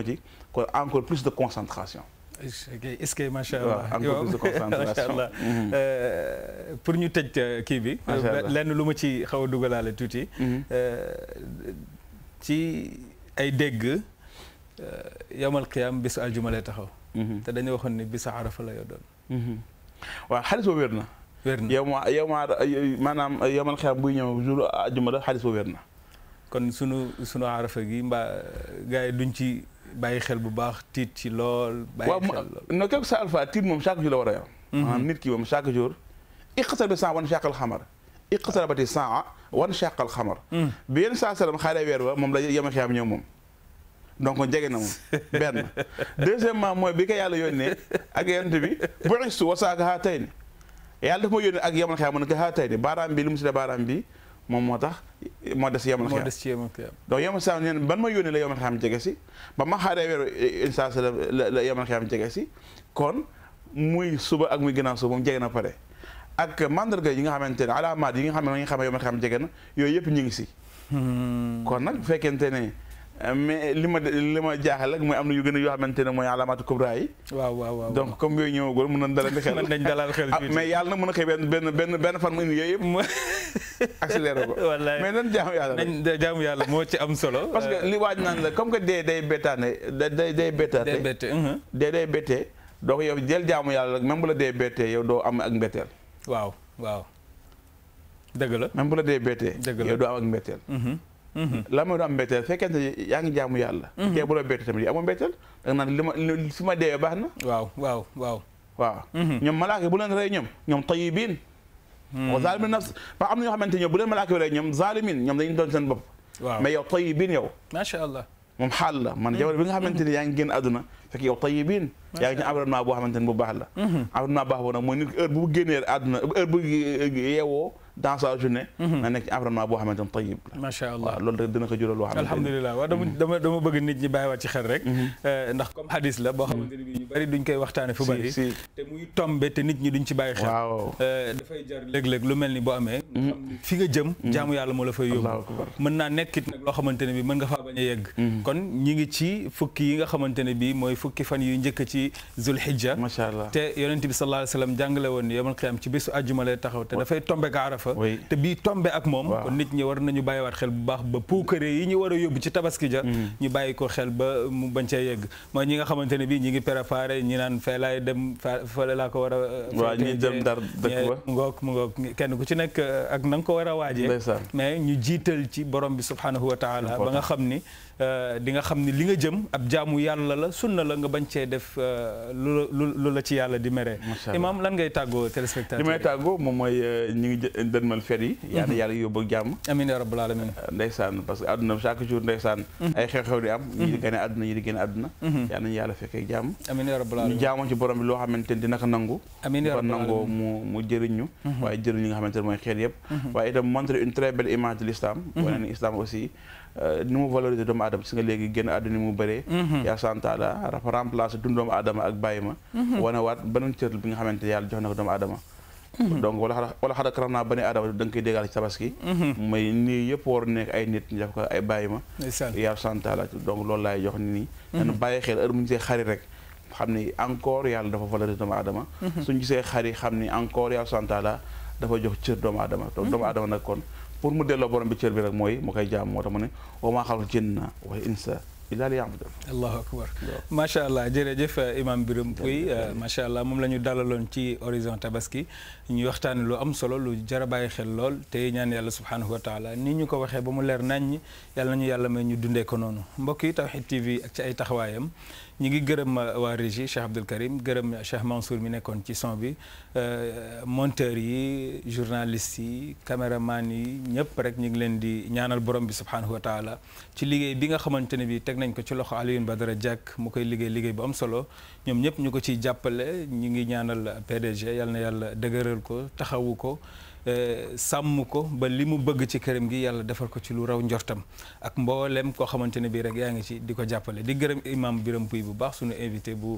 kon encore plus de concentration
est-ce allah mhm. euh, pour ñu tëj euh, kii bi. Euh, lenn lu ma ci xaw a dugalaale tuuti. Mhm. ci ay dégg yomal qiyaam bisu aljuma taxaw. Mhm. te dañoo waxoon ni bisu arafa la yoo
doon. waaw xaalis boobu wér na. wér na yow ma yow maanaam yomal qiyaam buy ñëw jour aljuma la xaalis boobu wér na. kon sunu sunu arafa gi mbaa gars yi duñ ci. bàyyi xel bu baax tiit ci lool. bàyyi xel lool tiit moom chaque jour la war a yam. Mhm. maanaam nit ki moom chaque jour. iqtasar bi saa wan chaqal xamar. iqtarabati saa wan chaqal xamar. Mhm. bi yenn saa salaam xaaree weer wa moom la yama xiyaam ñëw moom. donc jege na moom benn deuxièmement mooy bi ko yàlla yónnee ak yonent bi bu istu wasaaka xaa tey ni yàlla bi li mu si baaraam bi. moom moo tax moo des yemal xiyam donc yemal xiyam ban ma yónnee la yemal xiyam jege si ba ma xaaree weeru instance la la yemal jege si kon muy suba ak muy gannaaw suba moom jege na pare ak mandarga yi nga xamante ne alamaat yi nga xam ne ma nga xam ne yemal xiyam jege na yooyu yëpp ñu ngi si hmm. kon nag bu fekkente ne mais li ma li ma jaaxal ak mooy am na yu gën a yoo xamante ne mooy alaamaatu kubra yi. waaw waaw donc comme yooyu ñëwagul mun nañ dalal xel. mën nañ dalal xel ah, mais yàlla na mën a xëy benn benn benn benn fan mu indi yooyu yëpp accéléré mais nan yàlla moo ci am solo. parce que li waaj naan la comme que dee day bettaane day day bettaate. day bette uh-huh. dee day bettee. donc yow jël jaamu yàlla rek même bu la dee bettee yow doo am ak mbetteel.
waaw waaw.
dëgg la même bu la dee bettee. yow doo am ak mbetteel.
Uh-huh. Mm-hmm.
la ma doon am mbetteel fekkente yaa ngi jaamu yàlla kee mm-hmm. bu la bette tamit yi amoo mbetteel da nga naan li ma su ma deewee baax na waaw waaw waaw waaw mm-hmm. ñoom malaaka bu leen rey ñoom ñoom tayyibin wa zalimin nafs ba am na ñoo xamante ñoom bu leen malaaka rey ñoom zalimin ñoom dañu doon seen bopp waaw mais yow tayyibin yow macha allah moom xaal la man jabar bi nga xamante ne yaa ngi génn àdduna fekk yow tayyibin yaa ngi ci environnement boo xamante ne bu baax la environnement baax boo nag mooy nit heure bu génnee àdduna heure bu yeewoo dans sa journée. Mhm. na nekk ci environnement boo xamante ne allah waaw loolu dina ko jural loo xamante ne alhamdulilah
waaw mhm. dama dama bëgg nit bari duñ koy waxtaane fu bari te muy tombe te nit ñi duñ ci bàyyi xel euh, dafay jar léeg-léeg lu mel ni boo amee mm. fi nga jëm mm. jaamu yàlla moo la fay yóbbu mën naa nekkit nag loo xamante ne bi mën nga faa bañ yegg mm. kon ñi ngi ci fukki yi nga xamante ne bi mooy fukki fan yu njëkk ci zulhijja macha allah te yonent bi sallallahu alayhi wa sallam jàngale woon yomal xiyaam ci bésu àjjuma lay taxaw te dafay tombe ak arafa te bii tombe ak moom nit ñi war nañu bàyyiwaat xel bu baax ba puukare yi ñu war a yóbbu ci tabaski ja ñu bàyyi ko xel ba mu bañ cee yegg mooy ñi nga xamante bi ñi ñu ñi naan fee laay dem fële laa ko war a. Uh, waaw ñi dem dar ba ngoog mu ngoog kenn ku ci nekk uh, ak na ko war a waajee. mais ñu jiital ci borom bi subhanahu wa taala ba nga xam ni. Euh, di nga xam ni li nga jëm ab jaamu yàlla la sunna la nga bañ cee def euh, lu la ci yàlla di mere. imaam lan ngay tàggoo téléspectateur yi. li may
tàggoo moom mooy euh, ñu ngi dënmal fer yi. Mhm. yàlla yàlla yóbbu ak jàmm. amiin yaa rabbal alamin. ndeysaan parce que àdduna chaque mhm. di am. Mhm. a a yàlla nañu yàlla fekkee ñu jaamoo ci borom bi loo xamante ni dina ko nangu. amiin yaa rabbal nangoo mu jëriñu. waaye jëriñ li nga xamante ne mooy xeet yëpp. waaye itam montre une image de l'islam. wane ni islam aussi Euh, ni mu valoriser doomu aadama si nga léegi génn àdduna ni mu bëree mhm. yaa santaala remplacé dund doomu aadama ak bàyyi mhm. wane waat beneen cër bi nga xamante mhm. da nga koy déggal ci tabaski may nii yëpp war nekk ay nit ñu def ko ay bàyyi ma yaa santaala donc loolu laay jox ni nii dañu bàyyi xel heure mu gisee xarit rek xam ni encore yàlla dafa valoriser doomu aadama suñ gisee xarit xam ni encore yàlla santaala doomu aadama nag kon pour mu delloo borom bi cër bi rek mooy mu koy jaam moo tax mu ne wa maa xalaqtul jinna wal insa illaa liya'buduun
allahu akbar macha allah jërëjëf uh, imam Birame Pouy uh, macha allah moom la ñu dalaloon ci horizon tabaski ñu waxtaane lu am solo lu jar a bàyyi xel lool tey ñaan yàlla subhaanahu wa taala ni ñu ko waxee ba mu leer nañ ñi yàlla nañu yàlla may ñu dundee ko noonu mbokk yi Tawhid TV ak ci ay taxawaayam ñu ngi gërëm euh, waa régie Cheikh Abdoul Karim gërëm Cheikh Mansour mi nekkoon ci son bi euh, monteurs yi journalistes yi caméraman yi ñëpp rek ñu ngi leen di ñaanal borom bi subhaanahu wa taala ci liggéey bi nga xamante ne bi teg nañ ko ci loxo Alioune Badara Diack mu koy liggéey liggéey bu am solo ñoom ñëpp ñu ko ciy jàppale ñu ngi ñaanal PDG yal na yàlla dëgëral ko taxawu ko Euh, sàmm ko ba li mu bëgg ci këram gi yàlla defal ko ci lu raw njortam ak mboolem koo xamante ne bii rek yaa ngi ci di ko jàppale di gërëm imam Biram Pouy bu baax sunu invité bu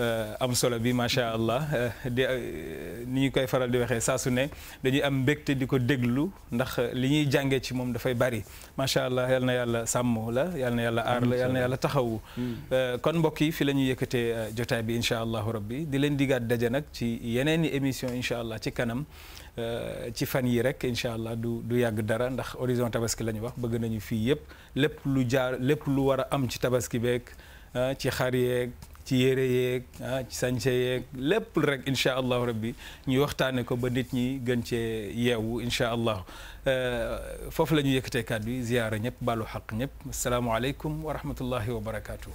euh, am solo bi macha allah euh, di ni ñu koy faral di waxee saa su ne dañuy am mbégte di ko déglu ndax li ñuy jàngee ci moom dafay bari macha allah yal na yàlla sàmm la yal yàlla aar la yàlla taxawu. Mm. kon mbokk yi fi la ñuy yëkkatee jotaay bi incha allahu rabbi di leen digaat daje nag ci yeneen i émission incha allah ci kanam. Euh, ci fan yi rek incha allah du du yàgg dara ndax orison tabaski la ñu wax bëgg nañu fii yëpp lépp lu jaar lépp lu war a am ci tabaski beeg ah, ci xar yeeg ci yére yeeg ah, ci sañse yeeg lépp rek incha allahu rabbi ñuy waxtaane ko ba nit ñi gën cee yeewu incha allah euh, foofu la ñu yëkkatee kàddu yi ziyaara ñëpp baalu xaq ñëpp asalaamualeykum wa rahmatullahi wa barakaatu.